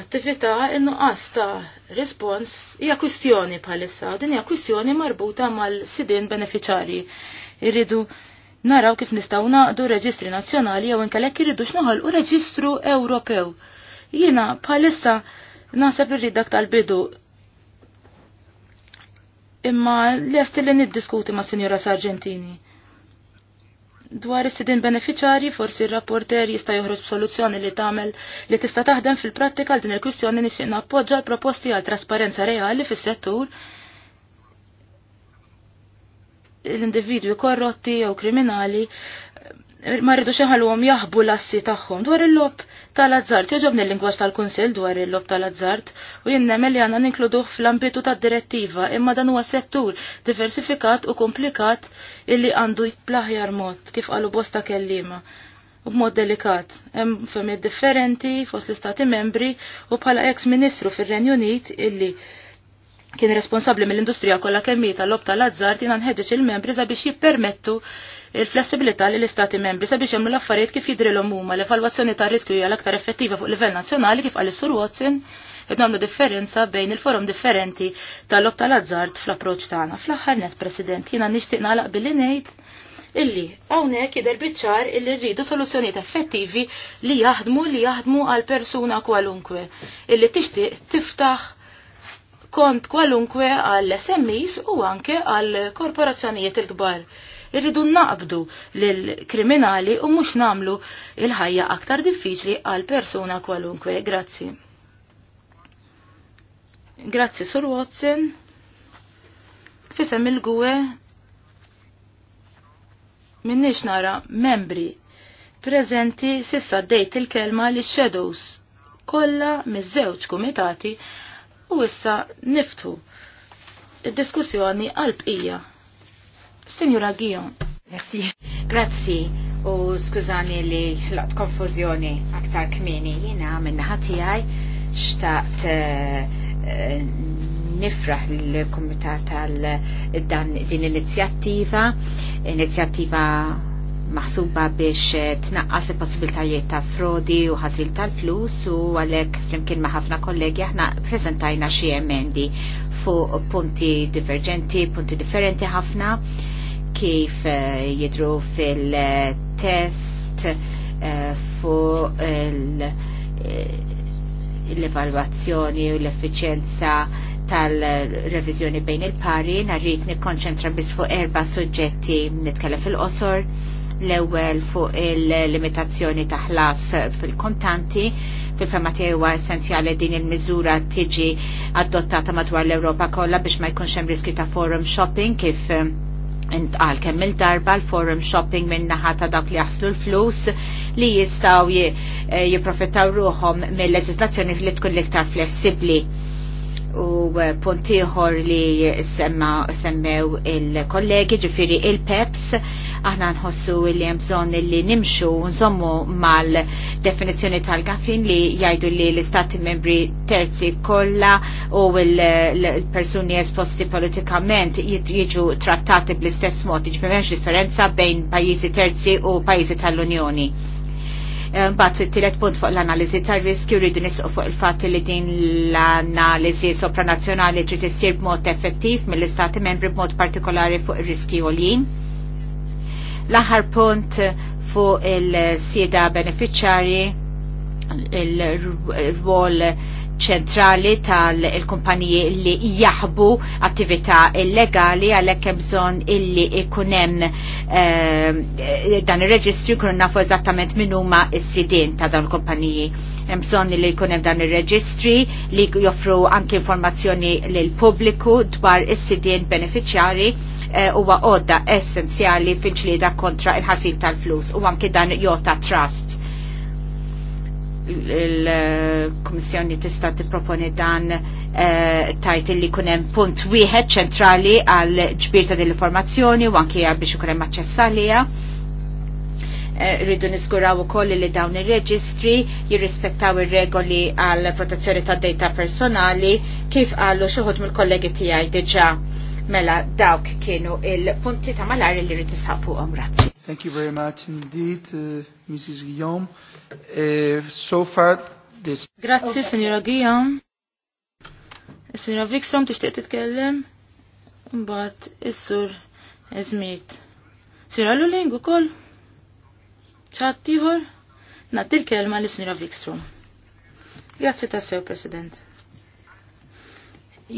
attività in-nuqqas ta' rispons hija kwistjoni bħalissa, din hija kwistjoni marbuta mal-sidin beneficjarji. Irridu naraw kif nistgħu naqdu reġistri nazzjonali jew irridu x'noħol u reġistru Ewropew. Jiena bħalissa naħseb irridak tal-bidu imma għastillin li niddiskuti ma' Sinjora Sargentini. Dwar is-sidin beneficjari forsi r-rapporter jista' joħroġ soluzzjoni li tagħmel li tista' taħdem fil-prattika din il-kwistjoni nixtieq nappoġġa l-proposti għal trasparenza reali fis-settur l-individwi korrotti jew kriminali ma rridu xeħalhom jaħbu l-assi tagħhom dwar il-lob tal-azzart. Jogħġobni l-lingwaġġ tal-Kunsill dwar il-lob tal-azzart u jien nemmen li għandna ninkluduh fl-ambitu tad-direttiva imma dan huwa settur diversifikat u komplikat illi għandu blaħjar mod kif qalu bosta kellima u b'mod delikat. Hemm femijiet differenti fost l-istati membri u bħala ex-ministru fir-Renju Unit illi kien responsabli mill-industrija kollha kemm tal-lob tal-azzart jiena nħeġġeġ il-membri sabiex jippermettu il-flessibilità li l-istati membri sabiex jagħmlu l-affarijiet kif jidrilhom huma l-evalwazzjoni ta' riskju hija l-aktar effettiva fuq livell nazzjonali kif qal sur Watson qed nagħmlu differenza bejn il-forum differenti tal-lob tal-azzard fl-approċċ tagħna. Fl-aħħar net, President, jiena nixtieq nagħlaq billi ngħid illi hawnhekk jidher biċ-ċar illi rridu soluzzjonijiet effettivi li jaħdmu li jaħdmu għal persuna kwalunkwe illi tixtieq tiftaħ kont kwalunkwe għall SMEs u anke għall korporazzjonijiet il-kbar. Irridu naqbdu lill-kriminali u mhux namlu il-ħajja aktar diffiċli għal persuna kwalunkwe. Grazzi. Grazzi Sur Watson. Fisem il-gwe minnix nara membri prezenti sissa dejt il-kelma li shadows kolla miż-żewġ kumitati u issa niftu id-diskussjoni għal-bqija Signora Gion. Merci. Grazzi u skużani li lot konfuzjoni aktar kmini jina minna ħati għaj xtaqt eh, eh, nifraħ l-komitat għal dan din inizjattiva, inizjattiva maħsuba biex eh, tnaqqas il-possibiltajiet ta' frodi u ħasil tal-flus u għalek flimkien ma' ħafna kollegi aħna prezentajna xie emendi fuq punti divergenti, punti differenti ħafna kif eh, jidru fil-test eh, fuq eh, l-evalwazzjoni u l-effiċenza tal-revizjoni bejn il-pari, narrit nikkonċentra bis fuq erba suġġetti nitkellem fil-qosor, l-ewwel fuq il-limitazzjoni ta' ħlas fil-kontanti, fil-fema huwa essenzjali din il-miżura tiġi adottata madwar l-Ewropa kollha biex ma jkunx hemm riskju ta' forum shopping kif intqal kemm il-darba l-forum shopping minn naħa ta' dak li jaslu l-flus li jistaw eh, jiprofittaw ruħom mill-leġislazzjoni li tkun liktar flessibli u eh, puntiħor li semma, semmew il-kollegi ġifiri il-PEPS aħna nħossu li jemżon li nimxu nżommu mal-definizjoni tal-gafin li jajdu li l-istati membri terzi kolla u l-persuni esposti politikament jiġu trattati bl-istess mod ġifiri differenza bejn pajizi terzi u pajizi tal-Unjoni. Eh, Bat t tielet punt fuq l-analiżi tar-riskju rridu nisqu fuq il fat li din l-analiżi sopranazzjonali trid issir b'mod effettiv mill-istati membri b'mod partikolari fuq ir-riski għoljin. L-aħħar punt fuq il-sieda beneficjarji il-rwol il ċentrali tal-kumpaniji li jaħbu attività illegali għalhekk hemm bżonn illi ikun hemm eh, dan ir reġistri jkunu nafu eżattament min huma s-sidien ta' dawn il-kumpaniji. Hemm bżonn illi jkun hemm dan ir-reġistri li joffru anke informazzjoni lil pubbliku dwar is-sidien beneficjari eh, huwa għodda essenzjali fil-ġlieda kontra il ħasin tal-flus u anke dan jota trust il-Komissjoni tista' tipproponi dan eh, tajt li kunem hemm punt wieħed ċentrali għal ġbir ta' dil-informazzjoni u anke biex ikun hemm aċċess għaliha. Eh, rridu niżguraw ukoll li dawn ir-reġistri jirrispettaw ir-regoli għal protezzjoni tad data personali kif qalu xi mill-kollegi tiegħi diġà Mela dawk kienu il-punti ta' malar li rrid nisħab fuqhom grazzi. Thank you very much indeed, uh, Mrs. Guillaume. Uh, so far this Grazzi, okay. Signora Guillaume. Signora Vikstrom tixtieq titkellem? Mbagħad is-sur Eżmit. Sira Luling ukoll? ċatt ieħor? l-kelma lis Signora Vikstrom. Grazzi tassew, President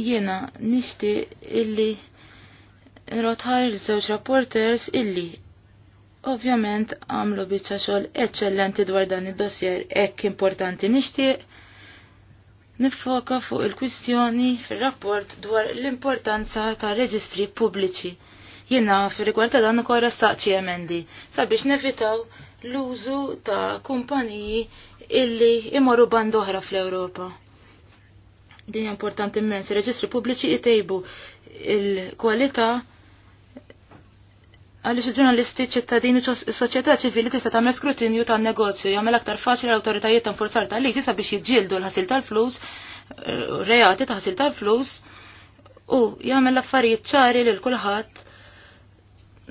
jiena nishti illi nrotħar żewġ rapporters illi ovvjament għamlu bieċa xogħol eċċellenti dwar dan id-dossier hekk importanti nixtieq nifoka fuq il-kwistjoni fil-rapport dwar l-importanza ta' reġistri pubbliċi. Jiena fil-rigward dan ukoll ressaqċi emendi sabiex nevitaw l-użu ta' kumpaniji illi imorru band oħra fl-Ewropa. Din importanti immens. Reġistri pubbliċi jitejbu il-kwalità għaliex il-ġurnalisti ċittadini u soċjetà ċivili tista' tagħmel skrutinju tan-negozju jagħmel aktar faċli l-awtoritajiet tanforzar ta' liġi sabiex jiġġieldu l-ħasil tal-flus, eh, reati ta' ħasil tal-flus u jagħmel affarijiet ċari lil kulħadd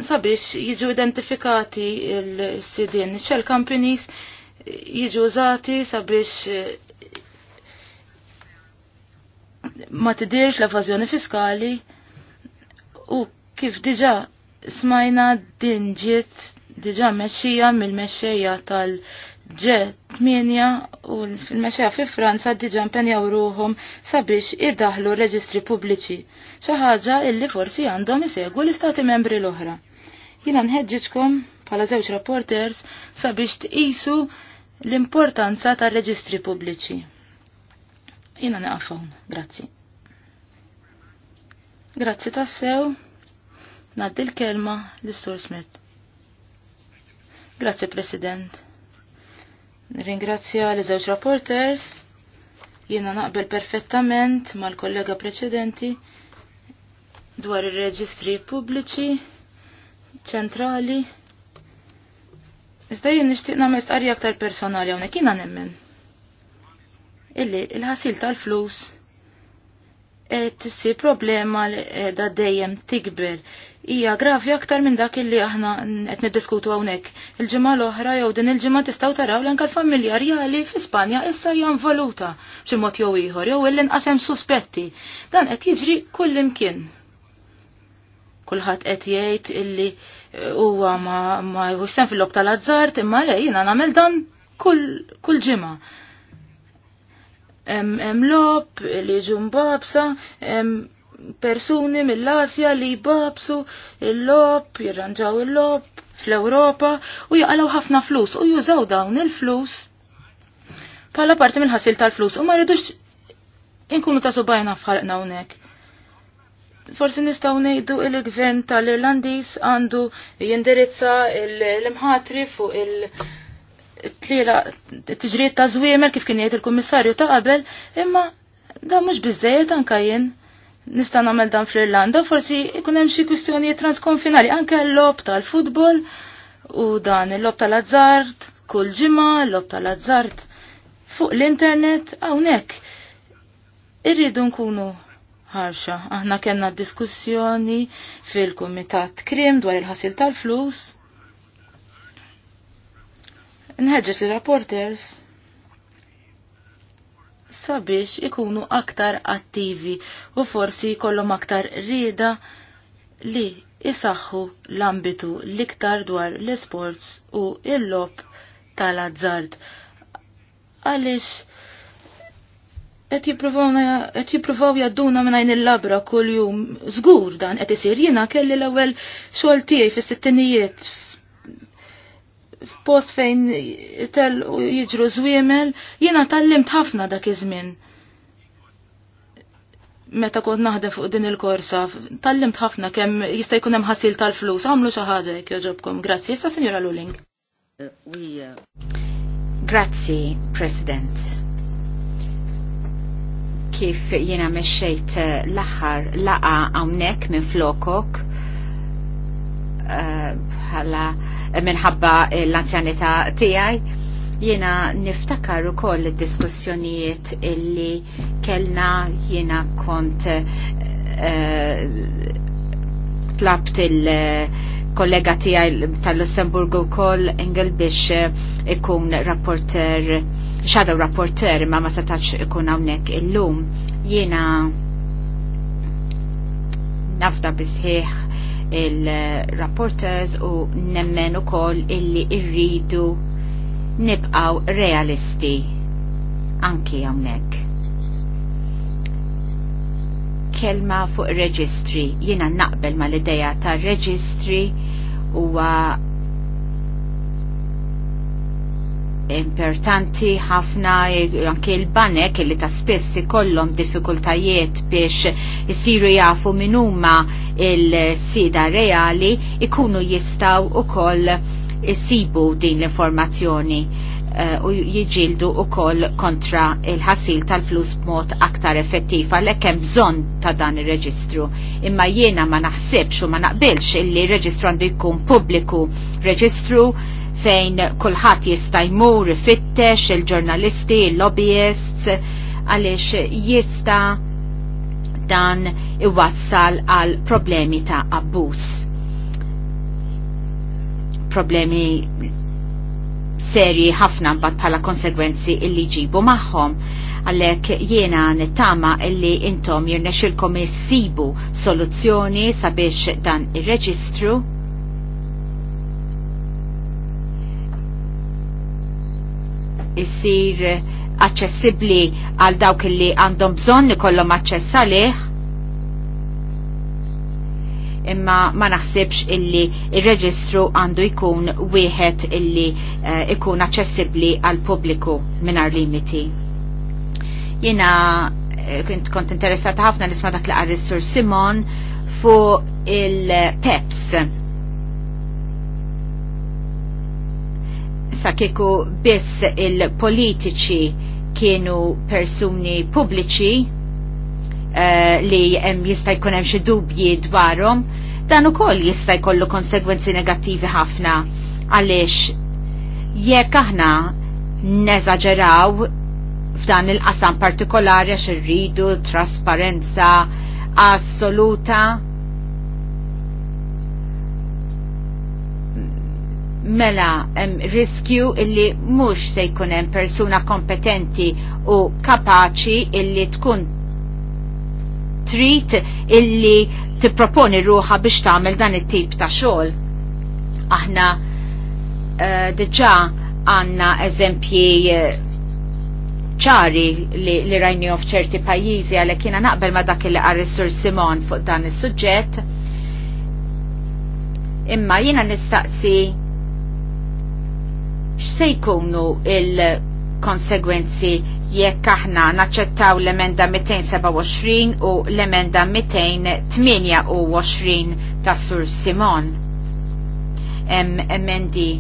sabiex jiġu identifikati l sidin shell companies jiġu użati sabiex eh, ma tidirx l-evażjoni fiskali u kif diġa smajna din ġiet diġa mexxija mill-mexxejja ġet minja u fil-mexxejja fi Franza diġa mpenjaw ruhom sabiex iddaħlu reġistri pubbliċi xi ħaġa illi forsi għandhom isegwu l-istati membri l-oħra. Jina nħedġiċkom bħala żewġ rapporters sabiex tqisu l-importanza tar-reġistri pubbliċi. Jina neqafawn, grazzi. Grazzi tassew, naddi l-kelma l-Sur Smith. Grazzi, President. Ringrazzja l żewġ rapporters, jina naqbel perfettament mal-kollega preċedenti dwar ir-reġistri pubbliċi ċentrali. Iżda jien nixtieq nagħmel stqarrija aktar personali hawnhekk jiena nemmen illi il-ħasil tal-flus tissi problema li da dejjem tikber. Hija gravi aktar minn dak illi aħna qed niddiskutu hawnhekk. Il-ġimgħa l-oħra jew din il-ġimgħa tistgħu taraw l anke l-familja rjali fi Spanja issa hija involuta b'xi mod jew ieħor jew illi nqasem suspetti. Dan qed jiġri kull imkien. Kulħadd qed jgħid illi eh, huwa ma ma fil-lob tal-azzart imma le jiena nagħmel dan kull ġimgħa hemm lop, li ġu babsa, hemm persuni mill-Asja li jbabsu il-lob, jirranġaw il-lob fl-Ewropa u jgħalaw ħafna flus u jużaw dawn il-flus bħala parti mill ħassil tal-flus u ma rridux inkunu ta' subajna fħalqna hawnhekk. Forsi nistgħu ngħidu il-gvern tal-Irlandiż għandu jindirizza l-imħatri fuq il-, -il t-tlila t-ġriet ta' zwiemer kif kien jgħid il-kummissarju ta' qabel, imma da mhux bizzejet anka jien. Nista' nagħmel dan fl-Irlanda, forsi jkun hemm xi kwistjonijiet transkonfinali anke l-lob tal-futbol u dan il-lob tal-azzart kull ġimgħa, l-lob tal-azzart fuq l-internet hawnhekk. Irridu nkunu ħarxa, aħna kellna diskussjoni fil-kumitat krim dwar il-ħasil tal-flus Nħeġġeġ li rapporters sabiex ikunu aktar attivi u forsi kollom aktar rida li jisaxħu l-ambitu liktar dwar l-sports u il-lob tal-azzard. Għalix, qed jippruvawna jippruvaw jadduna mingħajr il-labra kuljum żgur dan qed jisir jina kelli l-ewwel xogħol tiegħi fis-sittinijiet f'post fejn tal u jiġru żwiemel, jiena tallimt ħafna dak iż-żmien. Meta kont naħdem fuq din il-korsa, tallimt ħafna kemm jista' jkun hemm ħasil tal-flus, għamlu xi ħaġa jekk jogħġobkom. Grazzi, issa Sinjora Luling. Eh, eh, Grazzi, President. Kif jiena mexxejt eh, l-aħħar laqa hawnhekk minn flokok uh, minħabba l-anzjanità tiegħi. Jiena niftakar ukoll id diskussjonijiet illi kellna jiena kont uh, tlabt il-kollega tiegħi tal-Lussemburgu kol Engel biex ikun rapporter, shadow rapporter ma ma setax ikun hawnhekk il-lum. Jena nafda bisħiħ il-rapporters u nemmen ukoll illi irridu nibqaw realisti anki hawnhekk. Kelma fuq reġistri, jiena naqbel mal-ideja ta' reġistri huwa importanti ħafna eh, anke l-banek li ta' spess ikollhom diffikultajiet biex isiru jafu min huma il-sida reali ikunu jistaw ukoll isibu din l-informazzjoni eh, u jiġildu u koll kontra il ħasil tal-flus b'mod aktar effettiv għalhekk hemm bżonn ta' dan ir-reġistru. Imma jiena ma naħsibx u ma naqbilx illi reġistru għandu jkun pubbliku reġistru fejn kulħadd jista' jmur ifittex il-ġurnalisti, il-lobbyists għaliex jista' dan iwassal għal problemi ta' abbus. Problemi serji ħafna mbagħad bħala konsegwenzi illi ġibu magħhom għalek jiena nittama illi intom jirnexilkom jissibu soluzzjoni sabiex dan ir-reġistru isir aċċessibbli għal dawk li għandhom bżonn ikollhom aċċess għalih imma ma naħsibx illi il-reġistru għandu jkun wieħed illi uh, eh, accessibli aċċessibbli għal pubbliku mingħajr limiti. Jina eh, kont kont interessata ħafna nisma dak li qari Sur Simon fuq il-PEPS sa kieku biss il-politiċi kienu persuni pubbliċi uh, li jem jista' jkun hemm xi dubji dwarhom, dan ukoll jista' jkollu konsegwenzi negattivi ħafna għaliex jekk aħna neżaġeraw f'dan il-qasam partikolari għax irridu trasparenza assoluta mela um, riskju illi mux se jkunem persuna kompetenti u kapaċi illi tkun trit illi tipproponi ruħa biex tagħmel dan it-tip ta' xogħol. Aħna uh, diġà għandna eżempji eh, ċari li, li rajni f'ċerti pajjiżi għalhekk jiena naqbel ma dak li qari Sur Simon fuq dan is-suġġett. Imma jiena nistaqsi x'se jkunu il-konsegwenzi jekk aħna naċċettaw l-emenda 227 u l-emenda 228 ta' Sur Simon. Em, emendi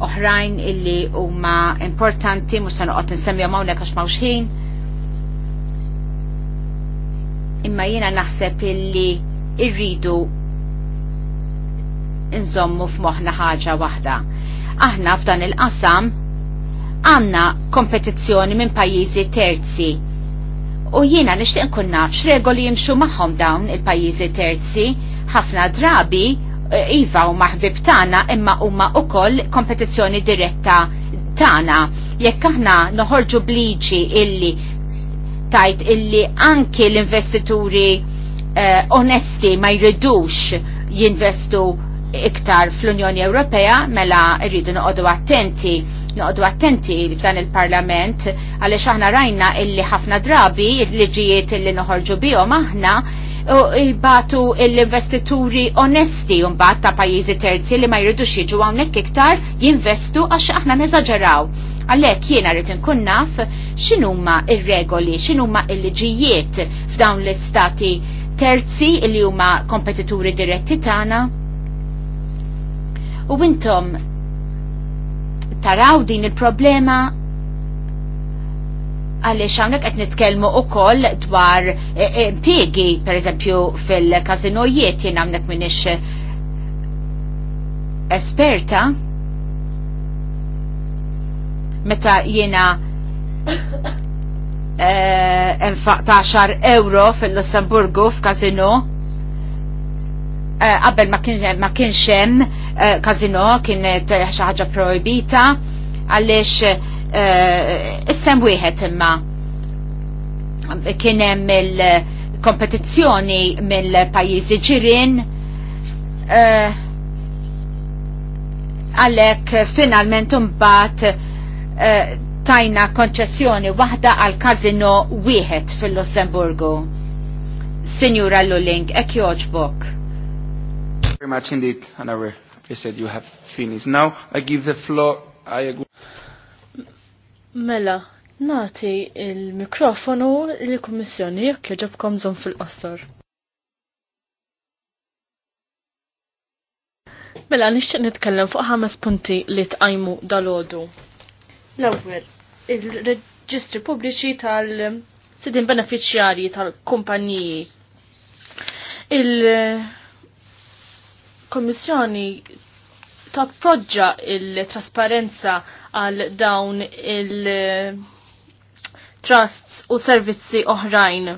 oħrajn illi huma importanti mhux se noqgħod insemmihom hawnhekk għax m'hawnx Imma jiena naħseb illi irridu nżommu f'moħħna ħaġa waħda Aħna f'dan il-qasam għanna kompetizzjoni minn pajjiżi terzi. U jiena nixtieq nkun naf x'regoli jimxu magħhom dawn il-pajjiżi terzi, ħafna drabi eh, iva u maħbib tagħna imma huma wkoll kompetizzjoni diretta tagħna. Jekk aħna noħorġu bliġi illi tajt illi anki l-investituri uh, onesti ma jridux jinvestu iktar fl-Unjoni Ewropea mela rridu noqogħdu attenti noqogħdu attenti f'dan il-Parlament għaliex aħna rajna illi ħafna drabi il-liġijiet illi noħorġu bihom aħna jibatu l-investituri onesti mbagħad ta' pajjiżi terzi li ma jridux jiġu hawnhekk iktar jinvestu għax aħna neżaġeraw. Għalhekk jiena rrid inkun naf x'inhuma ir-regoli, x'inhuma l-liġijiet f'dawn l-istati terzi li huma kompetituri diretti tagħna U intom taraw din il-problema għaliex hawnhekk qed nitkellmu wkoll dwar e, e, per pereżempju fil kazinojiet jien hawnhekk minix esperta meta jiena e, enfaq euro fil-Lussemburgu f'kazino Eh, qabel ma kienx hemm eh, kazino kienet eh, xi ħaġa projbita għaliex issem wieħed imma kien hemm il-kompetizzjoni mill-pajjiżi ġirien għalhekk finalment imbagħad tajna konċessjoni waħda għal kazino wieħed fil-Lussemburgu. Signora Lulling, ek joġbok. Very much indeed, and You said you have finished. Now I give the floor. I agree. Mela, nati il-mikrofonu il-Kommissjoni jekk joġobkom zon fil qasar Mela, nixtieq nitkellem fuq ħames punti li tqajmu dalodu. L-ewwel, il-reġistri pubbliċi tal-sidin beneficjarji tal-kumpaniji. il reġistri pubbliċi tal sidin benefiċjarji tal kumpaniji il il-Kommissjoni tappoġġa il-trasparenza għal dawn il-trusts u servizzi oħrajn,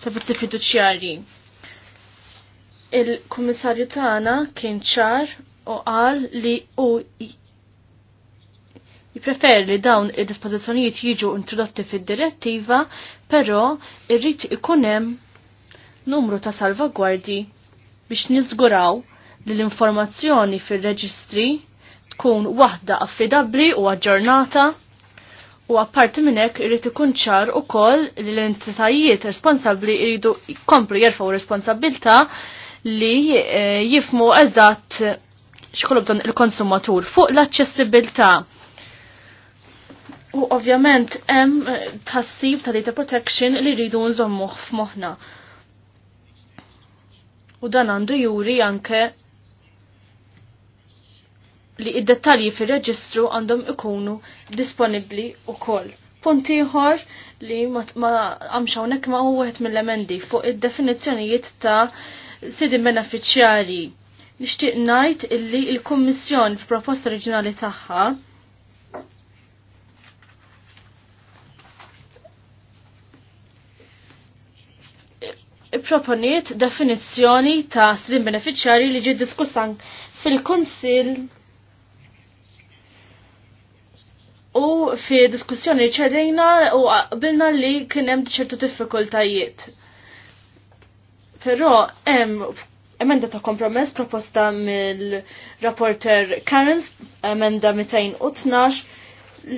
servizzi fiduċjarji. Il-Kummissarju Tana kien ċar u qal li u jipreferi li dawn id-dispożizzjonijiet jiġu introdotti fid-direttiva, però irrid ikun hemm numru ta' salvaguardi biex niżguraw li l-informazzjoni fil-reġistri tkun waħda affidabli u aġġornata u apparti minn hekk irid ikun ċar ukoll li l-entitajiet responsabbli jridu jkomplu jerfgħu responsabilta li eh, jifmu eżatt xkollu dan il-konsumatur fuq l-aċċessibilità. U ovvjament hemm eh, tassib ta' data protection li rridu nżommuh f'moħħna. U dan għandu juri anke li id-dettalji fir-reġistru għandhom ikunu disponibbli ukoll. Punt ieħor li ma għamx hawnhekk ma wieħed mill-emendi fuq id-definizzjonijiet ta' sidi beneficjari. Nixtieq ngħid illi l-Kummissjoni f'proposta oriġinali tagħha proponiet definizzjoni ta' slim beneficjari li ġi diskussan fil-Konsil U fi diskussjoni ċedejna u qabilna li kien hemm ċertu diffikultajiet. Però hemm emenda ta' kompromess proposta mill-rapporter Karens, emenda 212,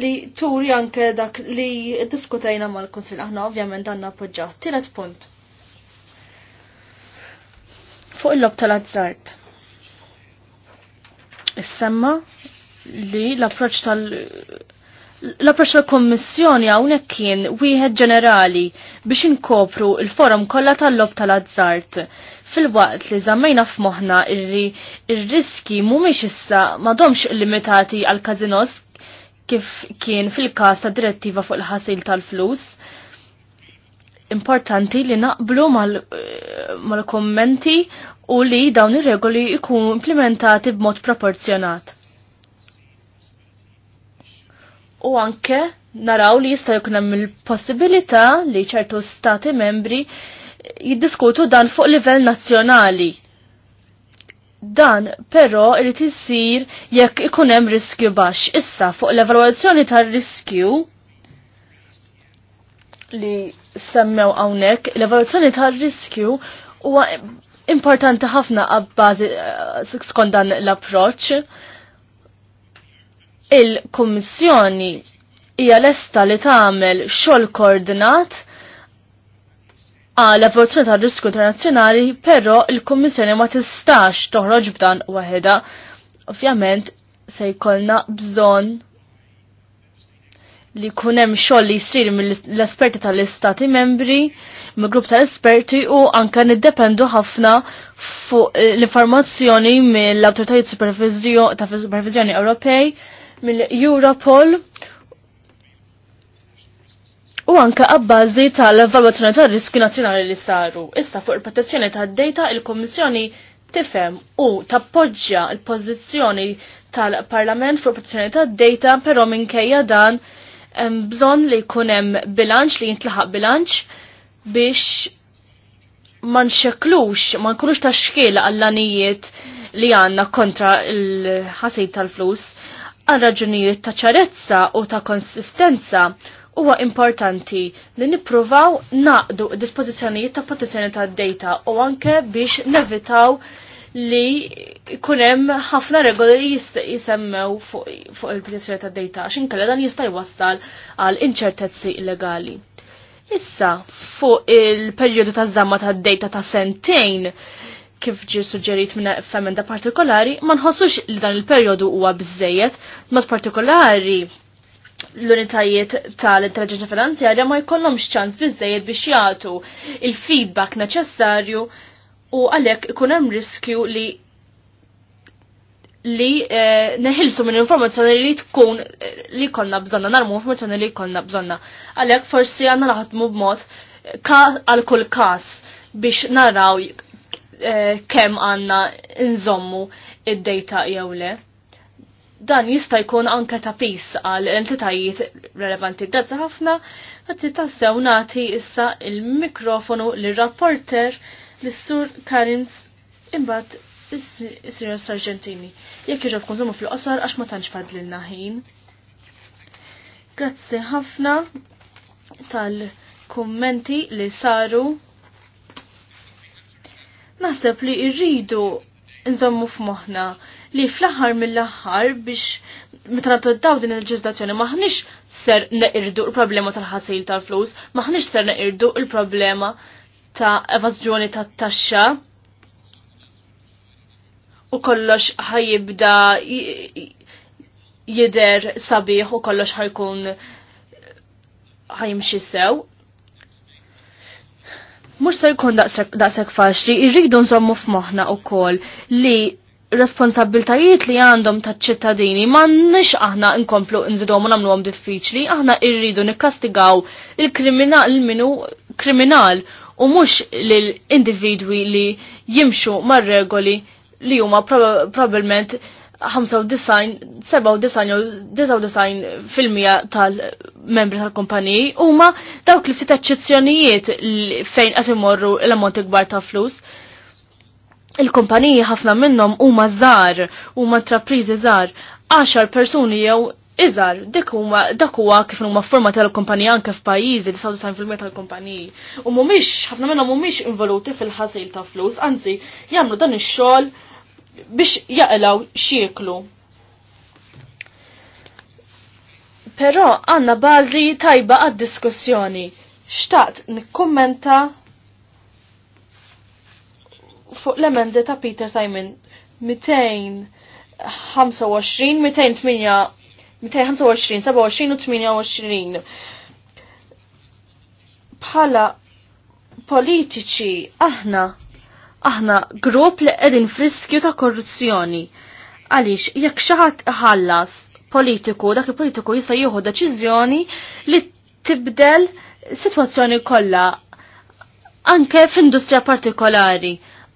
li turi anke dak li diskutajna mal-Konsil aħna ovvjament għanna appoġġjat. Tielet punt. Fuq il-lob tal-azzart. Is-semma li l-approċċ tal- L-approċċ tal-Kommissjoni hawnhekk kien wieħed ġenerali biex inkopru l-forum kollha tal-lob tal-azzart fil-waqt li żammejna f'moħħna irri ir-riski mhumiex issa m'għadhomx limitati għal kazinos kif kien fil-każ ta' direttiva fuq il-ħasil tal-flus importanti li naqblu eh, mal-kommenti u li dawn ir-regoli jkunu implementati b'mod proporzjonat u anke naraw li jista' jkun hemm il-possibilità li ċertu stati membri jiddiskutu dan fuq livell nazzjonali. Dan però irid isir jekk ikun hemm riskju baxx. Issa fuq l-evalwazzjoni tar-riskju li semmew hawnhekk, l-evalwazzjoni tar-riskju huwa importanti ħafna għabbażi eh, skont dan l-approċċ il-Kommissjoni hija lesta li tagħmel xogħol koordinat għal evoluzzjoni tar risku internazzjonali, però il-Kommissjoni ma tistax toħroġ b'dan waħedha. Ovvjament se jkollna bżonn li hemm xogħol li jsir mill-esperti tal-istati membri, mill grupp tal-esperti u anke niddependu ħafna fuq l-informazzjoni mill awtoritajiet ta' supervizjoni Ewropej mill-Europol u anka għabbażi tal-evaluazzjoni tar riski nazzjonali li saru. Issa fuq il-protezzjoni tad-data il-Kommissjoni tifhem u tappoġġja l-pożizzjoni tal-Parlament fuq protezzjoni tad-data però minkejja dan bżonn li jkun hemm bilanċ li jintlaħaq bilanċ biex ma nxeklux, ma nkunux ta' xkil għall-anijiet li għanna kontra il ħasib tal-flus għal raġunijiet ta' ċarezza u ta' konsistenza huwa importanti li nippruvaw naqdu dispożizzjonijiet ta' protezzjoni ta' data u anke biex nevitaw li kunem ħafna regoli jisemmew fuq il-protezzjoni ta' data għax inkella dan jista' jwassal għal inċertezzi illegali. Issa, fuq il-perjodu ta' zamma ta' data ta' sentejn, kif ġi suġġerit minn femenda partikolari, ma nħossux li dan il periodu huwa biżejjed, mod partikolari l-unitajiet tal-intelligenza finanzjarja ma jkollhomx ċans biżejjed biex jagħtu il-feedback neċessarju u għalhekk ikun hemm riskju li li eh, neħilsu minn informazzjoni li tkun eh, li konna bżonna, narmu informazzjoni li konna bżonna. Għalhekk forsi għandna naħdmu b'mod għal kull każ biex naraw Eh, kemm għandna nżommu id-data jew le. Dan jista' jkun anke ta' pis għal entitajiet relevanti grazzi ħafna, għatti tassew nagħti issa il-mikrofonu lir-rapporter l-sur Karins imbagħad is-Sinjor Sargentini. Jekk tkun żommu fil-qosor għax ma tantx fadlilna ħin. Grazzi ħafna tal-kummenti li saru naħseb li irridu nżommu f'moħna li fl-aħħar mill-aħħar biex meta natoddaw din il-leġiżlazzjoni maħniex ser neqirdu l-problema tal-ħasil tal-flus, maħniex ser neqirdu l-problema ta' evażjoni tat-taxxa u kollox ħajibda jider sabiħ u kollox ħajkun ħajimxi sew, mux sa' jkun daqsek faċli, irridu nżommu f'moħna u kol li responsabiltajiet li għandhom ta' ċittadini ma' nix aħna nkomplu nżidhom u namlu diffiċli, aħna irridu nikkastigaw il-kriminal minu kriminal u mux l-individwi li jimxu mar regoli li huma probabbilment prob 95, 97 fil-mija tal-membri tal-kumpaniji huma dawk li ftit eċċezzjonijiet fejn qed imorru l-ammonti kbar ta' flus. Il-kumpaniji ħafna minnhom huma żgħar, huma intrapriżi żgħar, 10 persuni jew Iżar, dik huma dak huwa kif huma forma tal-kumpanija anke f'pajjiżi li sawdu fil-mija tal-kumpaniji. U mhumiex ħafna minnhom mhumiex involuti fil-ħasil ta' flus, anzi jagħmlu dan ix-xogħol biex jaqlaw xieklu. Però għanna bażi tajba għad-diskussjoni. Xtaqt nikkummenta fuq l-emendi ta' Peter Simon 225, 28. bħala politiċi aħna aħna grupp li qegħdin friskju ta' korruzzjoni. Għaliex jekk xi ħadd ħallas politiku, dak il-politiku jista' jieħu deċiżjoni li tibdel sitwazzjoni kollha anke f'industrija partikolari,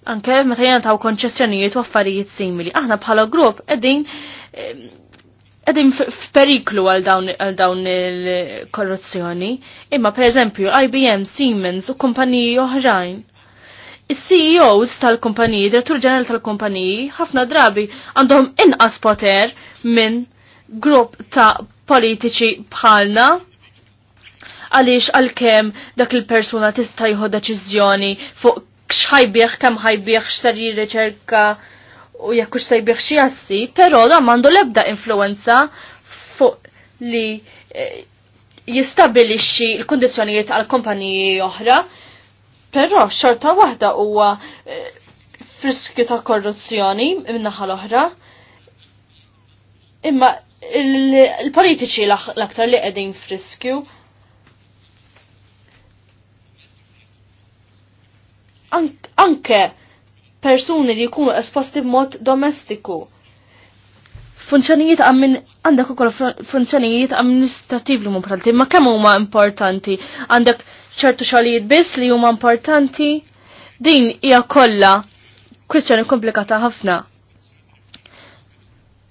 anke meta taw konċessjonijiet u affarijiet simili. Aħna bħala grupp qegħdin għedin f'periklu għal dawn il-korruzzjoni. Imma per eżempju IBM, Siemens u kumpaniji oħrajn Is-CEOs tal-kumpaniji, direttur ġenerali tal-kumpaniji, ħafna drabi għandhom inqas poter minn grupp ta' politiċi bħalna għaliex għalkemm dak il-persuna tista' jieħu deċiżjoni fuq xħajbieħ, kemm ħajbieħ, x'ser jirriċerka u jekk hux sejbieħ xi jassi, però da m'għandu l-ebda influenza fuq li eh, jistabilixxi l-kundizzjonijiet għal kumpaniji oħra Però xorta waħda huwa eh, friskju ta' korruzzjoni minnaħa l-oħra. Imma il-politiċi l-aktar li qegħdin friskju. Anke persuni li jkunu esposti b'mod domestiku. Funzjonijiet għammin għandek ukoll funzjonijiet amministrativi l-mumpralti, ma kemm huma importanti għandek ċertu xalijiet biss li huma importanti, din hija kollha kwistjoni komplikata ħafna.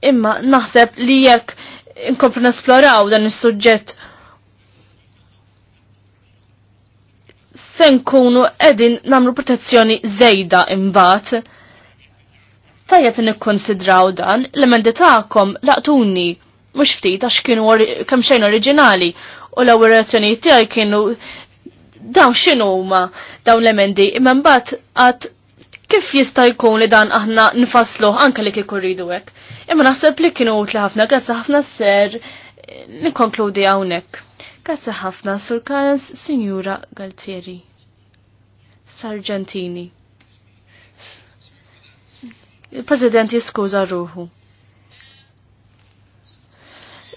Imma naħseb li jekk inkomplu nesploraw dan is-suġġett se nkunu qegħdin nagħmlu protezzjoni żejda imbagħad. Tajjeb nikkonsidraw dan l-emendi tagħkom laqtuni mhux ftit għax kienu kemm xejn oriġinali u l awerazzjonijiet reazzjonijiet tiegħi kienu dawn xinu ma dawn l-emendi imma mbagħad għat kif jista' jkun li dan aħna nfasluħ anke li kieku rridu hekk. Imma naħseb li kienu utli ħafna grazzi ħafna ser nikkonkludi hawnhekk. Grazzi ħafna Sur Karens Sinjura Galtieri. Sargentini. Il-President jiskuża ruħu.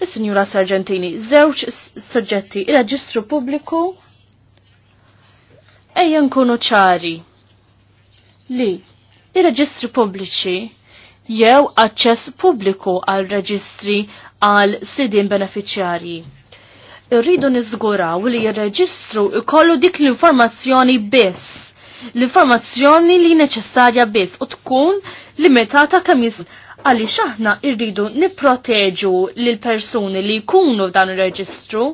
Il-Signora Sargentini, żewġ soġġetti, il-Reġistru Pubbliku ejja nkunu ċari li ir-reġistri pubbliċi jew aċċess pubbliku għal reġistri għal sidin beneficjarji. Irridu niżguraw li jirreġistru ikollu dik l-informazzjoni biss, l-informazzjoni li neċessarja biss u tkun limitata kemm għaliex aħna irridu nipproteġu l persuni li jkunu dan ir-reġistru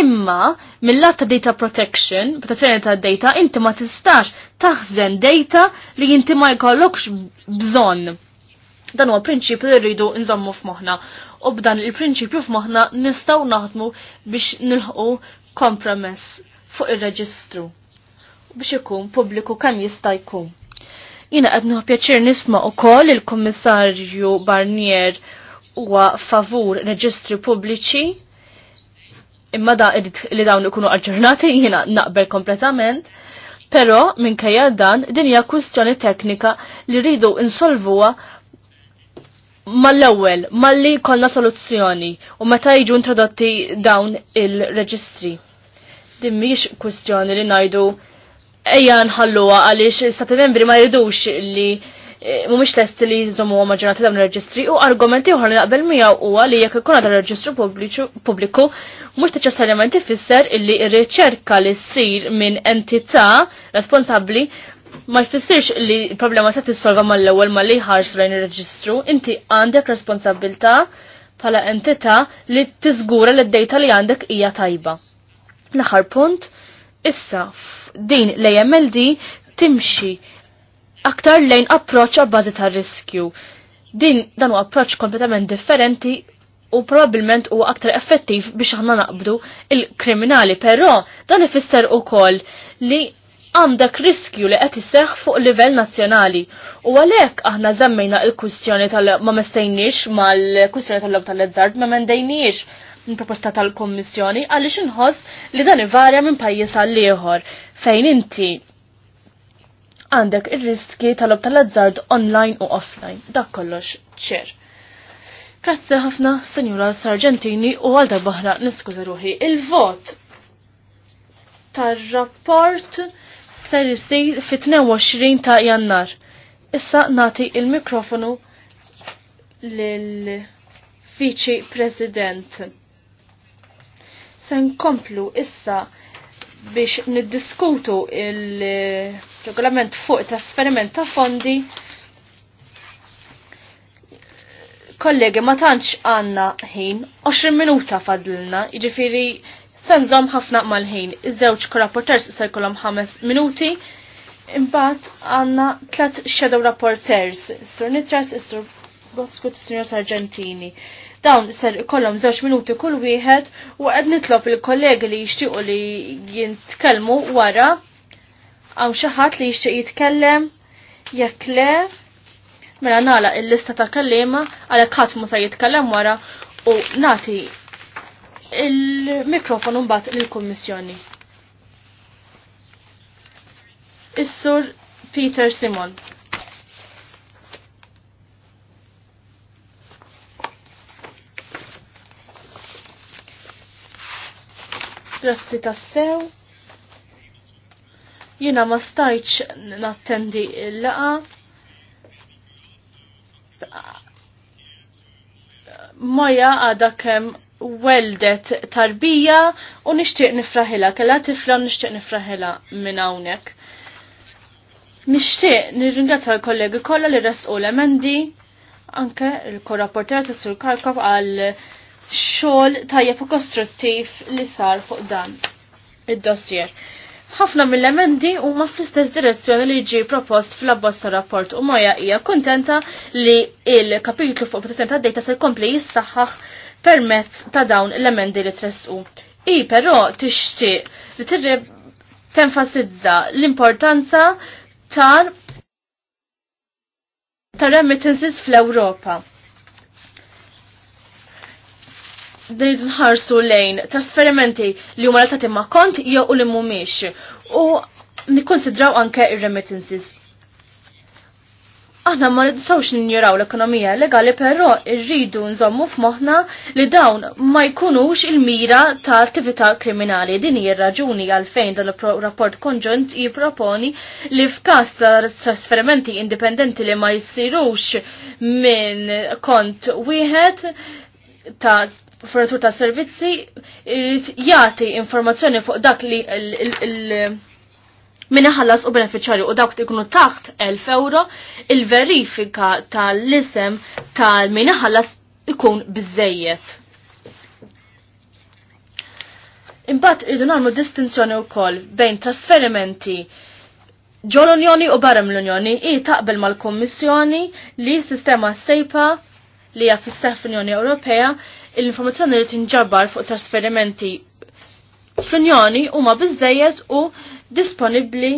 Imma mill-lat ta' data protection, protezzjoni ta' data, inti ma tistax taħżen data li inti ma jkollokx bżonn. Dan huwa prinċipju li rridu nżommu f'moħħna. U b'dan il-prinċipju f'moħħna nistgħu naħdmu biex nilħqu kompromess fuq ir-reġistru biex ikun pubbliku kemm jista' jkun. Jiena qed nieħu pjaċir nisma' ukoll il-Kummissarju Barnier huwa favur reġistri pubbliċi imma da li dawn ikunu aġġornati jiena naqbel kompletament, però minkejja dan din hija kwistjoni teknika li rridu insolvuha mal-ewwel, malli kollna soluzzjoni u meta jiġu introdotti dawn il-reġistri. Din mhix kwistjoni li ngħidu ejja nħalluha għaliex stati membri ma jridux li mhumiex test li jżommu għom ġurnata dawn reġistri u argumenti uħar li naqbel miegħu huwa li jekk ikun għadha reġistru pubbliku mhux neċessarjament ifisser illi r-riċerka li ssir minn entità responsabbli ma jfissirx li l-problema se tissolva mal-ewwel ma li ħarx lejn ir-reġistru, inti għandek responsabilità bħala entità li tiżgura li d-dejta li għandek hija tajba. L-aħħar punt, issa din l-AMLD timxi aktar lejn approċċ għabbażi ta' riskju. Din dan huwa approċċ kompletament differenti u probabilment huwa aktar effettiv biex aħna naqbdu il-kriminali, però dan ifisser ukoll li għandek riskju li qed isseħħ fuq livell nazzjonali. U għalhekk aħna żammejna l-kwistjoni tal ma mestejniex mal-kwistjoni tal-lob tal-ezzard ma mendejniex proposta tal-Kommissjoni għaliex inħoss li dan ivarja minn pajjiż għal ieħor fejn inti għandek ir-riski tal-ob tal-azzard online u offline. Dak kollox ċer. Grazzi ħafna, Senjura Sargentini, u għalda baħra niskuza ruħi. Il-vot tar-rapport ser jisir fit-22 ta' jannar. Issa nati il-mikrofonu lill viċi President. Sen komplu issa biex niddiskutu il-regolament fuq trasferiment ta' fondi kollegi ma tantx għanna ħin 20 minuta fadlna jiġifieri sanżom ħafna mal-ħin iż-żewġ korrapporters se jkollhom ħames minuti imbagħad għandna tliet shadow rapporters, Sir Nitras, Sir Boskut, Sir Sargentini. Dawn ser kollom żewġ minuti kull wieħed u qed nitlob il-kollegi li jixtiequ li jintkelmu wara għaw xi ħadd li jixtieq jitkellem jekk le mela nagħlaq il-lista ta' kellima għalhekk ħadd musa jitkellem wara u nagħti il-mikrofonu mbagħad lill-Kummissjoni. Is-Sur Peter Simon. Grazzi tassew. Jina ma stajċ nattendi il-laqa. Maja għada kem weldet tarbija u nishtiq nifraħila, kella tifra u nishtiq nifraħila minn hawnhekk. Nishtiq nirringrazzja l-kollegi kollha li resqu l-emendi anke il-korrapporter Sur Karkov għal xogħol tajjeb u kostruttiv li sar fuq dan id-dossier. Ħafna mill-emendi huma fl-istess direzzjoni li ġi propost fl abbosta rapport u Moja hija kuntenta li il-kapitlu fuq protezzjoni ta' dejta se jkompli jissaħħaħ permezz ta' dawn l-emendi li tressqu. I però tixtieq li tirrib tenfasizza l-importanza tar ta' remittances fl-Ewropa. din nħarsu lejn trasferimenti li huma relatati ma' kont jew li mhumiex. U nikkonsidraw anke ir-remittances. Aħna ma nistgħux ninjuraw l-ekonomija legali però rridu nżommu f'moħħna li dawn ma jkunux il-mira ta' attività kriminali. Din hija raġuni għalfejn dan rapport konġunt jipproponi li f'każ ta' trasferimenti indipendenti li ma jsirux minn kont wieħed ta' fornitur ta' servizzi jagħti informazzjoni fuq dak li minn ħallas u beneficjarju u dawk ikunu taħt 1000 euro il-verifika tal-isem tal-min ħallas ikun bizzejiet. Imbagħad irridu nagħmlu distinzjoni wkoll bejn trasferimenti ġol unjoni u barem l-Unjoni i taqbel mal-Kommissjoni li sistema sejpa li hija fis Unjoni Ewropea l-informazzjoni li tinġabar fuq trasferimenti fl-Unjoni huma biżejjed u disponibbli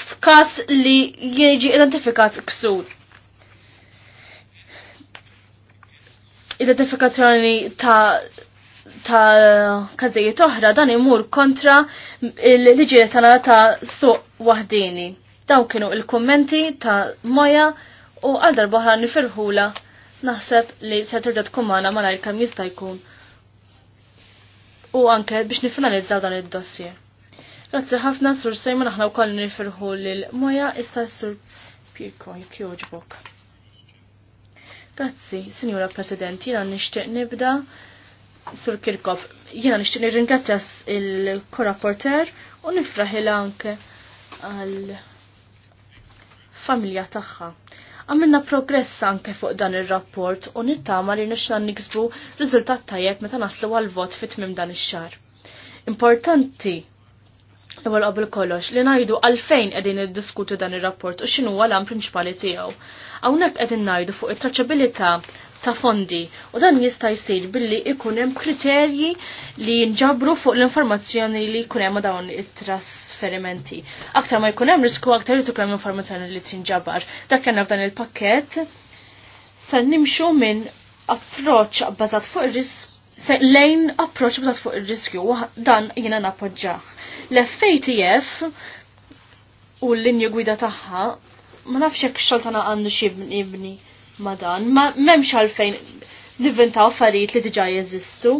f'każ li jiġi identifikat ksur. Identifikazzjoni ta' ta' każijiet oħra dan imur kontra l-liġijiet tagħna ta' suq waħdini. Dawn kienu il-kummenti ta' Moja u għal darba nifirħula naħseb li se terġa' tkun magħna malajr kemm jista' jkun. U anke biex nifinalizzaw dan id-dossier. Grazzi ħafna sur sejma aħna wkoll nifirħu lil Moja issa sur Pirko jekk joġbok. Grazzi, Sinjura President, jiena nixtieq nibda sur Kirkop. Jiena nixtieq nirringrazzja il-korrapporter u nifraħilha anke għal familja tagħha. Għamilna progress anke fuq dan ir-rapport u nittama li nixna niksbu riżultat tajjeb meta naslu għal-vot fit tmim dan ix-xar. Importanti ewwel qabel kollox li ngħidu għalfejn qegħdin iddiskutu dan ir-rapport u x'inhu l-għam prinċipali tiegħu. Hawnhekk qegħdin ngħidu fuq it-traċabilità ta' fondi u dan jista' jsir billi ikun hemm kriterji li jinġabru fuq l-informazzjoni li jkun hemm dawn it-tras esperimenti. Aktar ma jkun hemm risku aktar li hemm informazzjoni li tinġabar. Dak kellna f'dan il-pakkett sa nimxu minn approċċ bbażat fuq ir-risk lejn approċċ bżat fuq ir-riskju dan jiena nappoġġah. L-FATF u l linju gwida tagħha ma nafx hekk xoltana għandu xi ibni ma dan, ma m'hemmx għalfejn nivvintaw affarijiet li diġà jeżistu.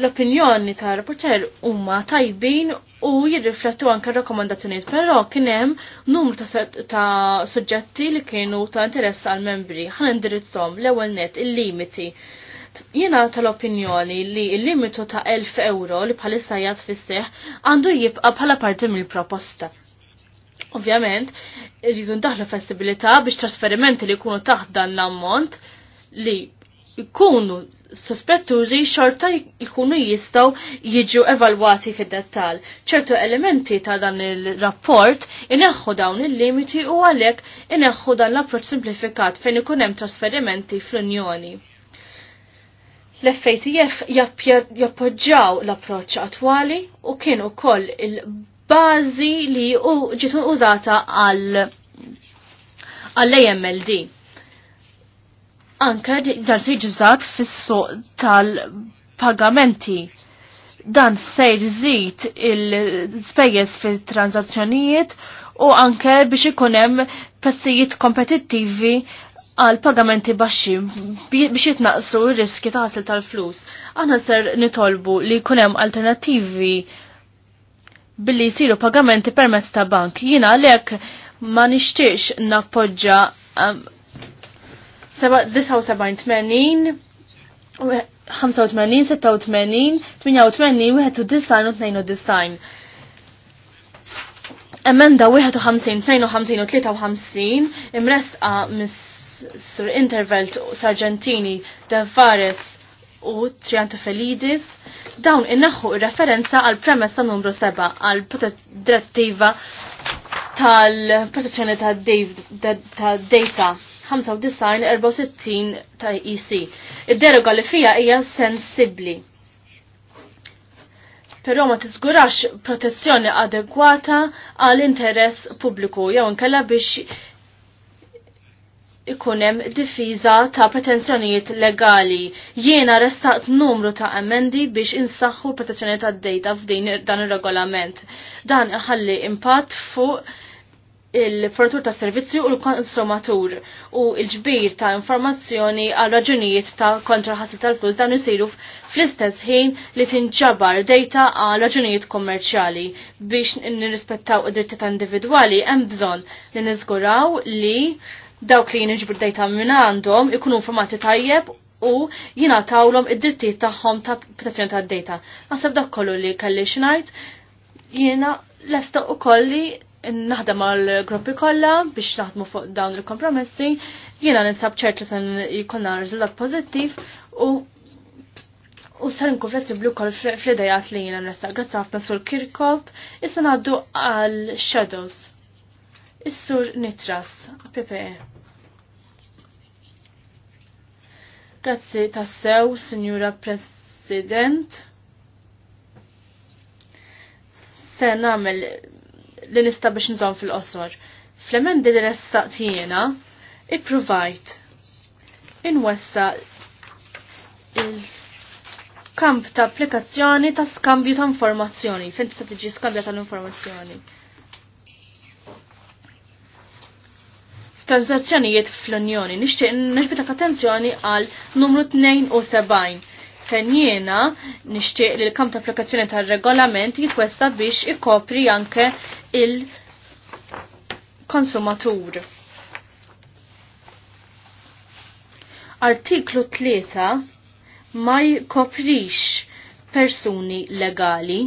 L-opinjoni ta' rapporter huma tajbin u jirriflettu anke rakkomandazzjonijiet, però kien hemm numru ta', suġġetti li kienu ta' interess għal membri ħan indirizzhom l-ewwel net il-limiti. Jiena tal-opinjoni li il-limitu ta' 1000 euro li bħalissa jgħat fisseħ għandu jibqa' bħala parti mill-proposta. Ovvjament, rridu ndaħlu flessibilità biex trasferimenti li jkunu taħt dan l-ammont li jkunu sospettużi xorta jkunu jistaw jiġu evalwati fid-dettal. ċertu elementi ta' dan il-rapport ineħħu dawn il-limiti u għalek ineħħu dan l-approċ simplifikat fejn ikun hemm trasferimenti fl-Unjoni. L-FATF jappoġġaw l-approċ attwali u kienu koll il-bazi li ġiet użata għall-AMLD anka dan se jiġiżat fis-suq tal-pagamenti. Dan se jżid il-spejjeż fit transazzjonijiet u anke biex ikun hemm prezzijiet kompetittivi għal pagamenti baxxi biex jitnaqsu r-riski ta' ħasil tal-flus. Aħna ser nitolbu li jkun hemm alternattivi billi jisiru pagamenti permezz ta' bank. Jina għalhekk ma nixtiex nappoġġa ehm, 79-80 85, 86, u Emenda 51, 52, 53, imresqa mis Sir Intervelt Sargentini, Devares u Trianta Felidis, dawn inneħħu referenza għal premessa numru 7 għal direttiva tal-protezzjoni ta' data. 95-64 ta' EC. Id-deroga li fija hija sensibli. Però ma tiżgurax protezzjoni adegwata għal interess pubbliku jew inkella biex ikunem difiża ta' pretenzjonijiet legali. Jiena restaqt numru ta' emendi biex insaħħu protezzjoni ta' dejta f'din dan ir-regolament. Dan iħalli impatt fuq il-fornitur ta' servizzi u l-konsumatur u l-ġbir ta' informazzjoni għal raġunijiet ta' kontraħasib tal-flus dan isiru fl-istess ħin li tinġabar data għal raġunijiet kommerċjali biex nirrispettaw id-dritti ta' individwali hemm bżonn li niżguraw li dawk li jinġbru data minn għandhom ikunu informati tajjeb u tawlom id-drittijiet tagħhom ta' protezzjoni tad-data. Naħseb dak kollu li kelli xnajt jiena lesta u kolli naħdem mal gruppi kollha biex naħdmu fuq dawn il-kompromessi, jiena ninsab ċert li sen jkollna riżultat pożittiv u u sar nkun flessibbli wkoll fl-idejat li jiena nressa. Grazzi ħafna sur Kirkop, issa ngħaddu għal Shadows. Is-sur Nitras, PPE. Grazzi tassew, Signora President. Se nagħmel li nista biex nżomm fil-qosor. Fl-emendi li ressaqtijena, i-provajt inwessa il-kamp ta' applikazzjoni ta' skambju ta' informazzjoni, fejn tista' tiġi skambja tal-informazzjoni. F'transazzjonijiet fl-Unjoni nixtieq nixbitak attenzjoni għal numru 72 jiena nixtieq li l-kam ta' applikazzjoni tar regolament jitwesta biex ikopri anke il-konsumatur. Artiklu 3 ma jkoprix persuni legali.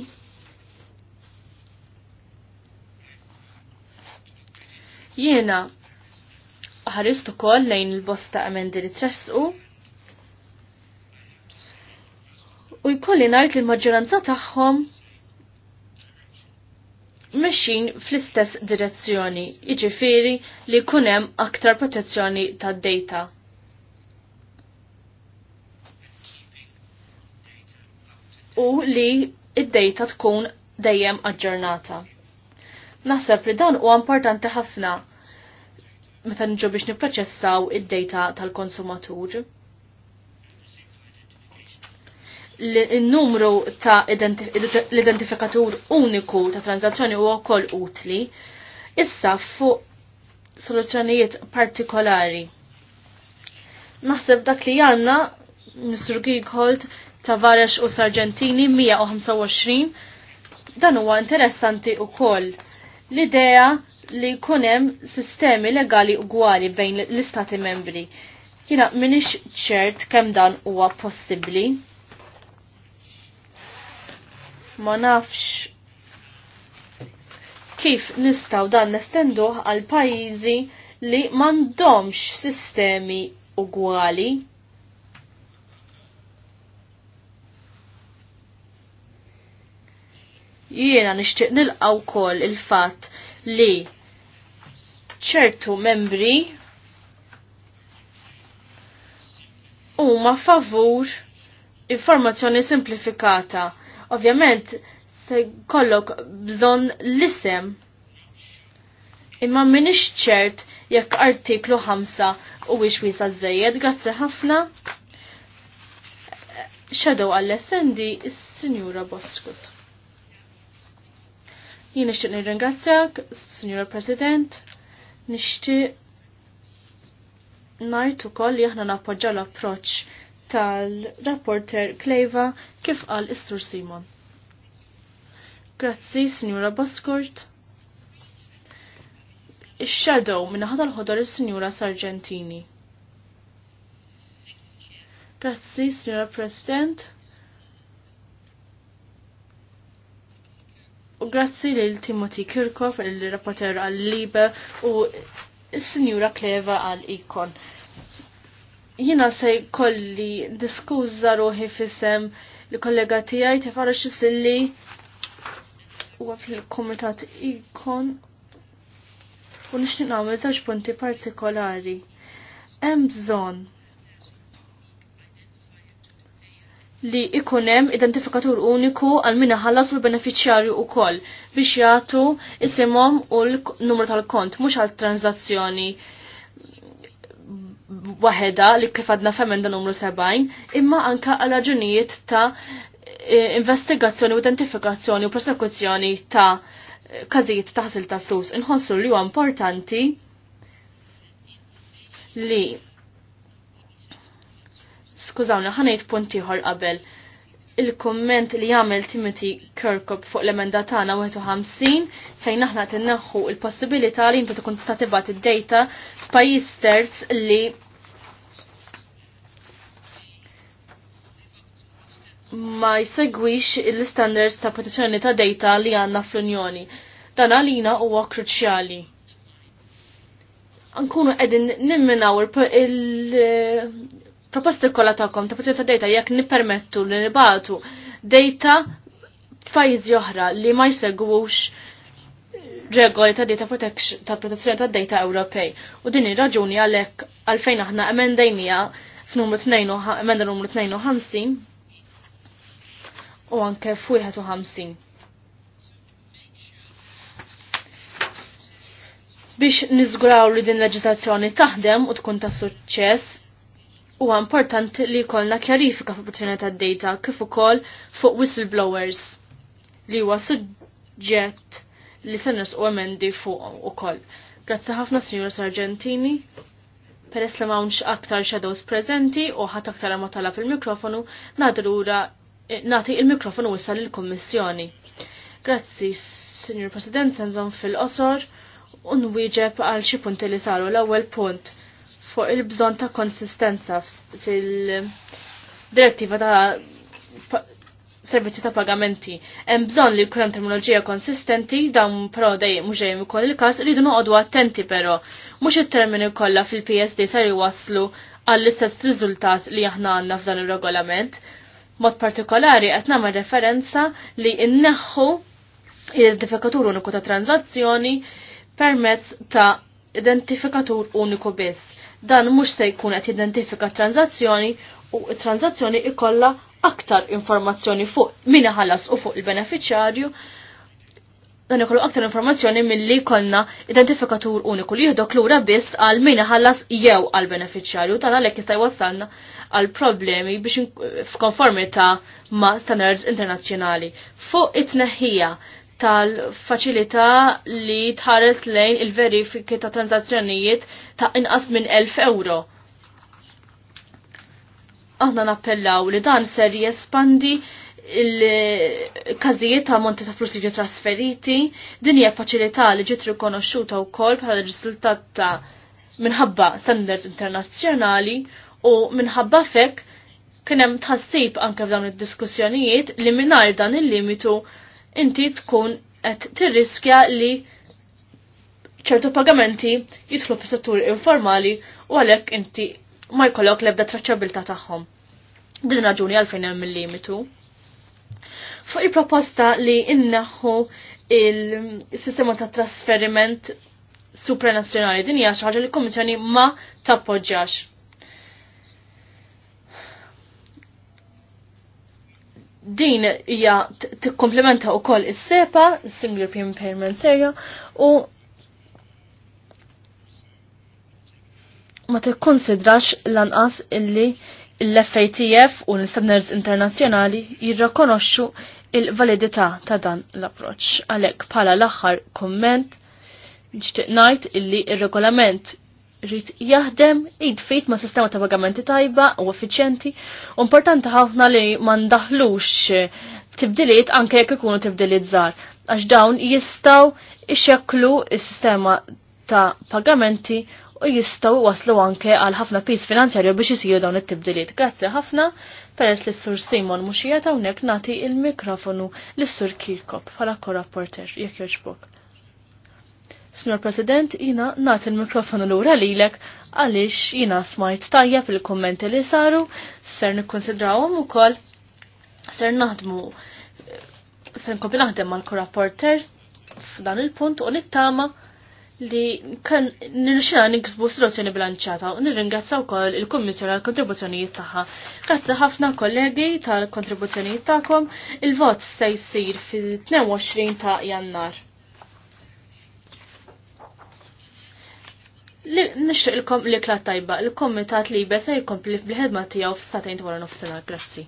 Jiena ħarist ukoll lejn il-bosta emendi li tressqu u jkolli ngħid li l-maġġoranza tagħhom mexxin fl-istess direzzjoni, jiġifieri li jkun hemm aktar protezzjoni tad-data. U li id-data tkun dejjem aġġornata. Naħseb li dan huwa importanti ħafna meta nġu biex nipproċessaw id-data tal-konsumatur n numru ta' l-identifikatur uniku ta' transazzjoni u wkoll utli. Issa fuq soluzzjonijiet partikolari. Naħseb dak li għanna, Mr. Gigholt, Tavares u Sargentini 125, dan huwa interessanti u koll. L-idea li kunem sistemi legali ugwali bejn l-istati membri. Jina minix ċert kem dan huwa possibli ma nafx kif nistaw dan nestenduh għal pajizi li mandomx sistemi ugwali. Jiena nixtieq nilqaw wkoll il-fatt li ċertu membri huma favur informazzjoni simplifikata. Ovvjament, se kollok bżon l-isem. Imma minix ċert jekk artiklu 5 u wix wisa zzejed, grazzi ħafna. Shadow għall-essendi s sinjura Boskut. Jien nixtieq nirringrazzjak, Sinjura President, nixtieq ngħid ukoll li aħna nappoġġaw l-approċċ tal-rapporter Kleva kif qal Istur Simon. Grazzi, Sinjura Baskort. ix xadow minnaħat tal ħodor is-Sinjura Sargentini. Grazzi, Sinjura President. U grazzi lil Timothy Kirkov, il-rapporter għal-Libe u s-Sinjura Kleva għal-Ikon. Jina se kolli diskuża ruħi fissem li kollega tijaj tifara xisilli u fil-komitat ikon u nixtieq nagħmel żewġ punti partikolari. Hemm bżonn li ikun hemm identifikatur uniku għal min ħallas u l-beneficjarju wkoll biex jagħtu isimhom u l-numru tal-kont mhux għal tranzazzjoni waħeda li kif għadna femmen dan numru 70, imma anka għal raġunijiet ta' e, investigazzjoni u identifikazzjoni u prosekuzzjoni ta' kazijiet ta' ħasil ta' flus. Inħossu li huwa importanti li skużawna ħanejt ħor qabel il-komment li jagħmel Timothy Kirkup fuq l-emenda tagħna 51 fejn aħna tinneħħu il-possibilità li inti tkun tista' tibgħat id-data f'pajjiż terz li ma jsegwix l-standards ta' protezzjoni ta' data li għandna fl-Unjoni. Dan għalina huwa kruċjali. Nkunu qegħdin nimminaw il- proposti kollha tagħkom ta' protezzjoni ta' data jekk nippermettu li nibatu data f'pajjiżi oħra li ma jsegwux regoli ta' data ta' protezzjoni ta' data Ewropej. U din ir-raġuni għalhekk għalfejn aħna emendajnija f'numru 2 emenda numru 52 u anke f'51. biex nizguraw li din leġislazzjoni taħdem u tkun ta' suċċess, huwa importanti li jkollna kjarifika protezzjoni tad-data kif ukoll fuq whistleblowers li huwa suġġett li se nisqu emendi fuq ukoll. Grazzi ħafna Sinjur Sargentini. Peress li m'hawnx aktar shadows preżenti u ħadd aktar ma talab il-mikrofonu, nadrura nagħti il-mikrofonu wissal lill-Kummissjoni. Grazzi, Sinjur President, senżon fil-qosor u nwieġeb għal xi punti li saru l-ewwel punt fuq il-bżon ta' konsistenza fil-direttiva ta' servizzi ta' pagamenti. Hemm bżonn li jkun hemm terminoloġija konsistenti, dawn però dejjem mhux dejjem ukoll il-każ, rridu noqogħdu attenti però. Mhux it-termini kollha fil-PSD ser iwasslu għall-istess riżultat li aħna għandna f'dan ir-regolament. Mod partikolari qed nagħmel referenza li nneħħu il-identifikatur uniku ta' tranzazzjoni permezz ta' identifikatur uniku biss. Dan mhux se jkun qed identifika tranzazzjoni u tranzazzjoni ikolla aktar informazzjoni fuq min ħallas u fuq il-beneficjarju dan ikollu aktar informazzjoni milli konna identifikatur uniku li jieħdok lura biss għal min ħallas jew għal beneficjarju dan għalhekk jista' jwassalna għal problemi biex f'konformità ma' standards internazzjonali. Fuq it-tneħħija tal-faċilità li tħares lejn il-verifiki ta' tranzazzjonijiet ta' inqas minn 1000 euro. Aħna nappellaw li dan ser jespandi il-każijiet ta' monti ta' flussi ġi trasferiti, din hija faċilità li ġiet rikonoxxuta wkoll bħala riżultat ta' minħabba standards internazzjonali u minħabba fekk kien hemm tħassib anke f'dawn id-diskussjonijiet li mingħajr dan il-limitu il limitu inti tkun qed tirriskja li ċertu pagamenti jidħlu fis settur informali u għalhekk inti ma jkollok l-ebda traċċabilità tagħhom. Din raġuni għalfejn hemm il-limitu. Fuq il-proposta li inneħħu il-sistema ta' trasferiment supranazzjonali din hija xi ħaġa li l-Kummissjoni ma tappoġġjax. din hija tikkomplementa wkoll is-SEPA, Single European Payment Area, u ma tikkonsidrax lanqas illi l-FATF u l-standards internazzjonali jirrakonoxxu il-validità ta' dan l-approċ. Għalhekk bħala l-aħħar komment nixtieq ngħid illi ir-regolament rrit jaħdem id-fit ma' sistema ta' pagamenti tajba u effiċjenti. Importanti ħafna li ma ndaħlux tibdiliet anke jekk ikunu tibdiliet żgħar għax dawn jistgħu ixekklu s-sistema ta' pagamenti u jistgħu waslu anke għal ħafna pis finanzjarju biex isiru dawn it-tibdiliet. Grazzi ħafna peress li s-sur Simon muxijata unek hawnhekk nagħti il-mikrofonu lis-sur Kirkop bħala rapporter, jekk jogħġbok. Signor President, jina nat il-mikrofonu l-ura lilek għalix jina smajt tajjeb il-kommenti li saru, ser nikkonsidrawhom ukoll ser naħdmu ser nkompli naħdem mal-korrapporter f'dan il-punt u nittama li kan nirxina niksbu situazzjoni bilanċata u nirringrazzaw kol il-Kommissjoni għal kontribuzzjonijiet tagħha. Grazzi ħafna kollegi tal-kontribuzzjonijiet tagħkom. Il-vot se jsir fil-22 ta' Jannar. Nixtieq kom li klat tajba, il-Komitat Libe se jkompli fil-ħedma tiegħu f'statejn wara nofsinhar, grazzi.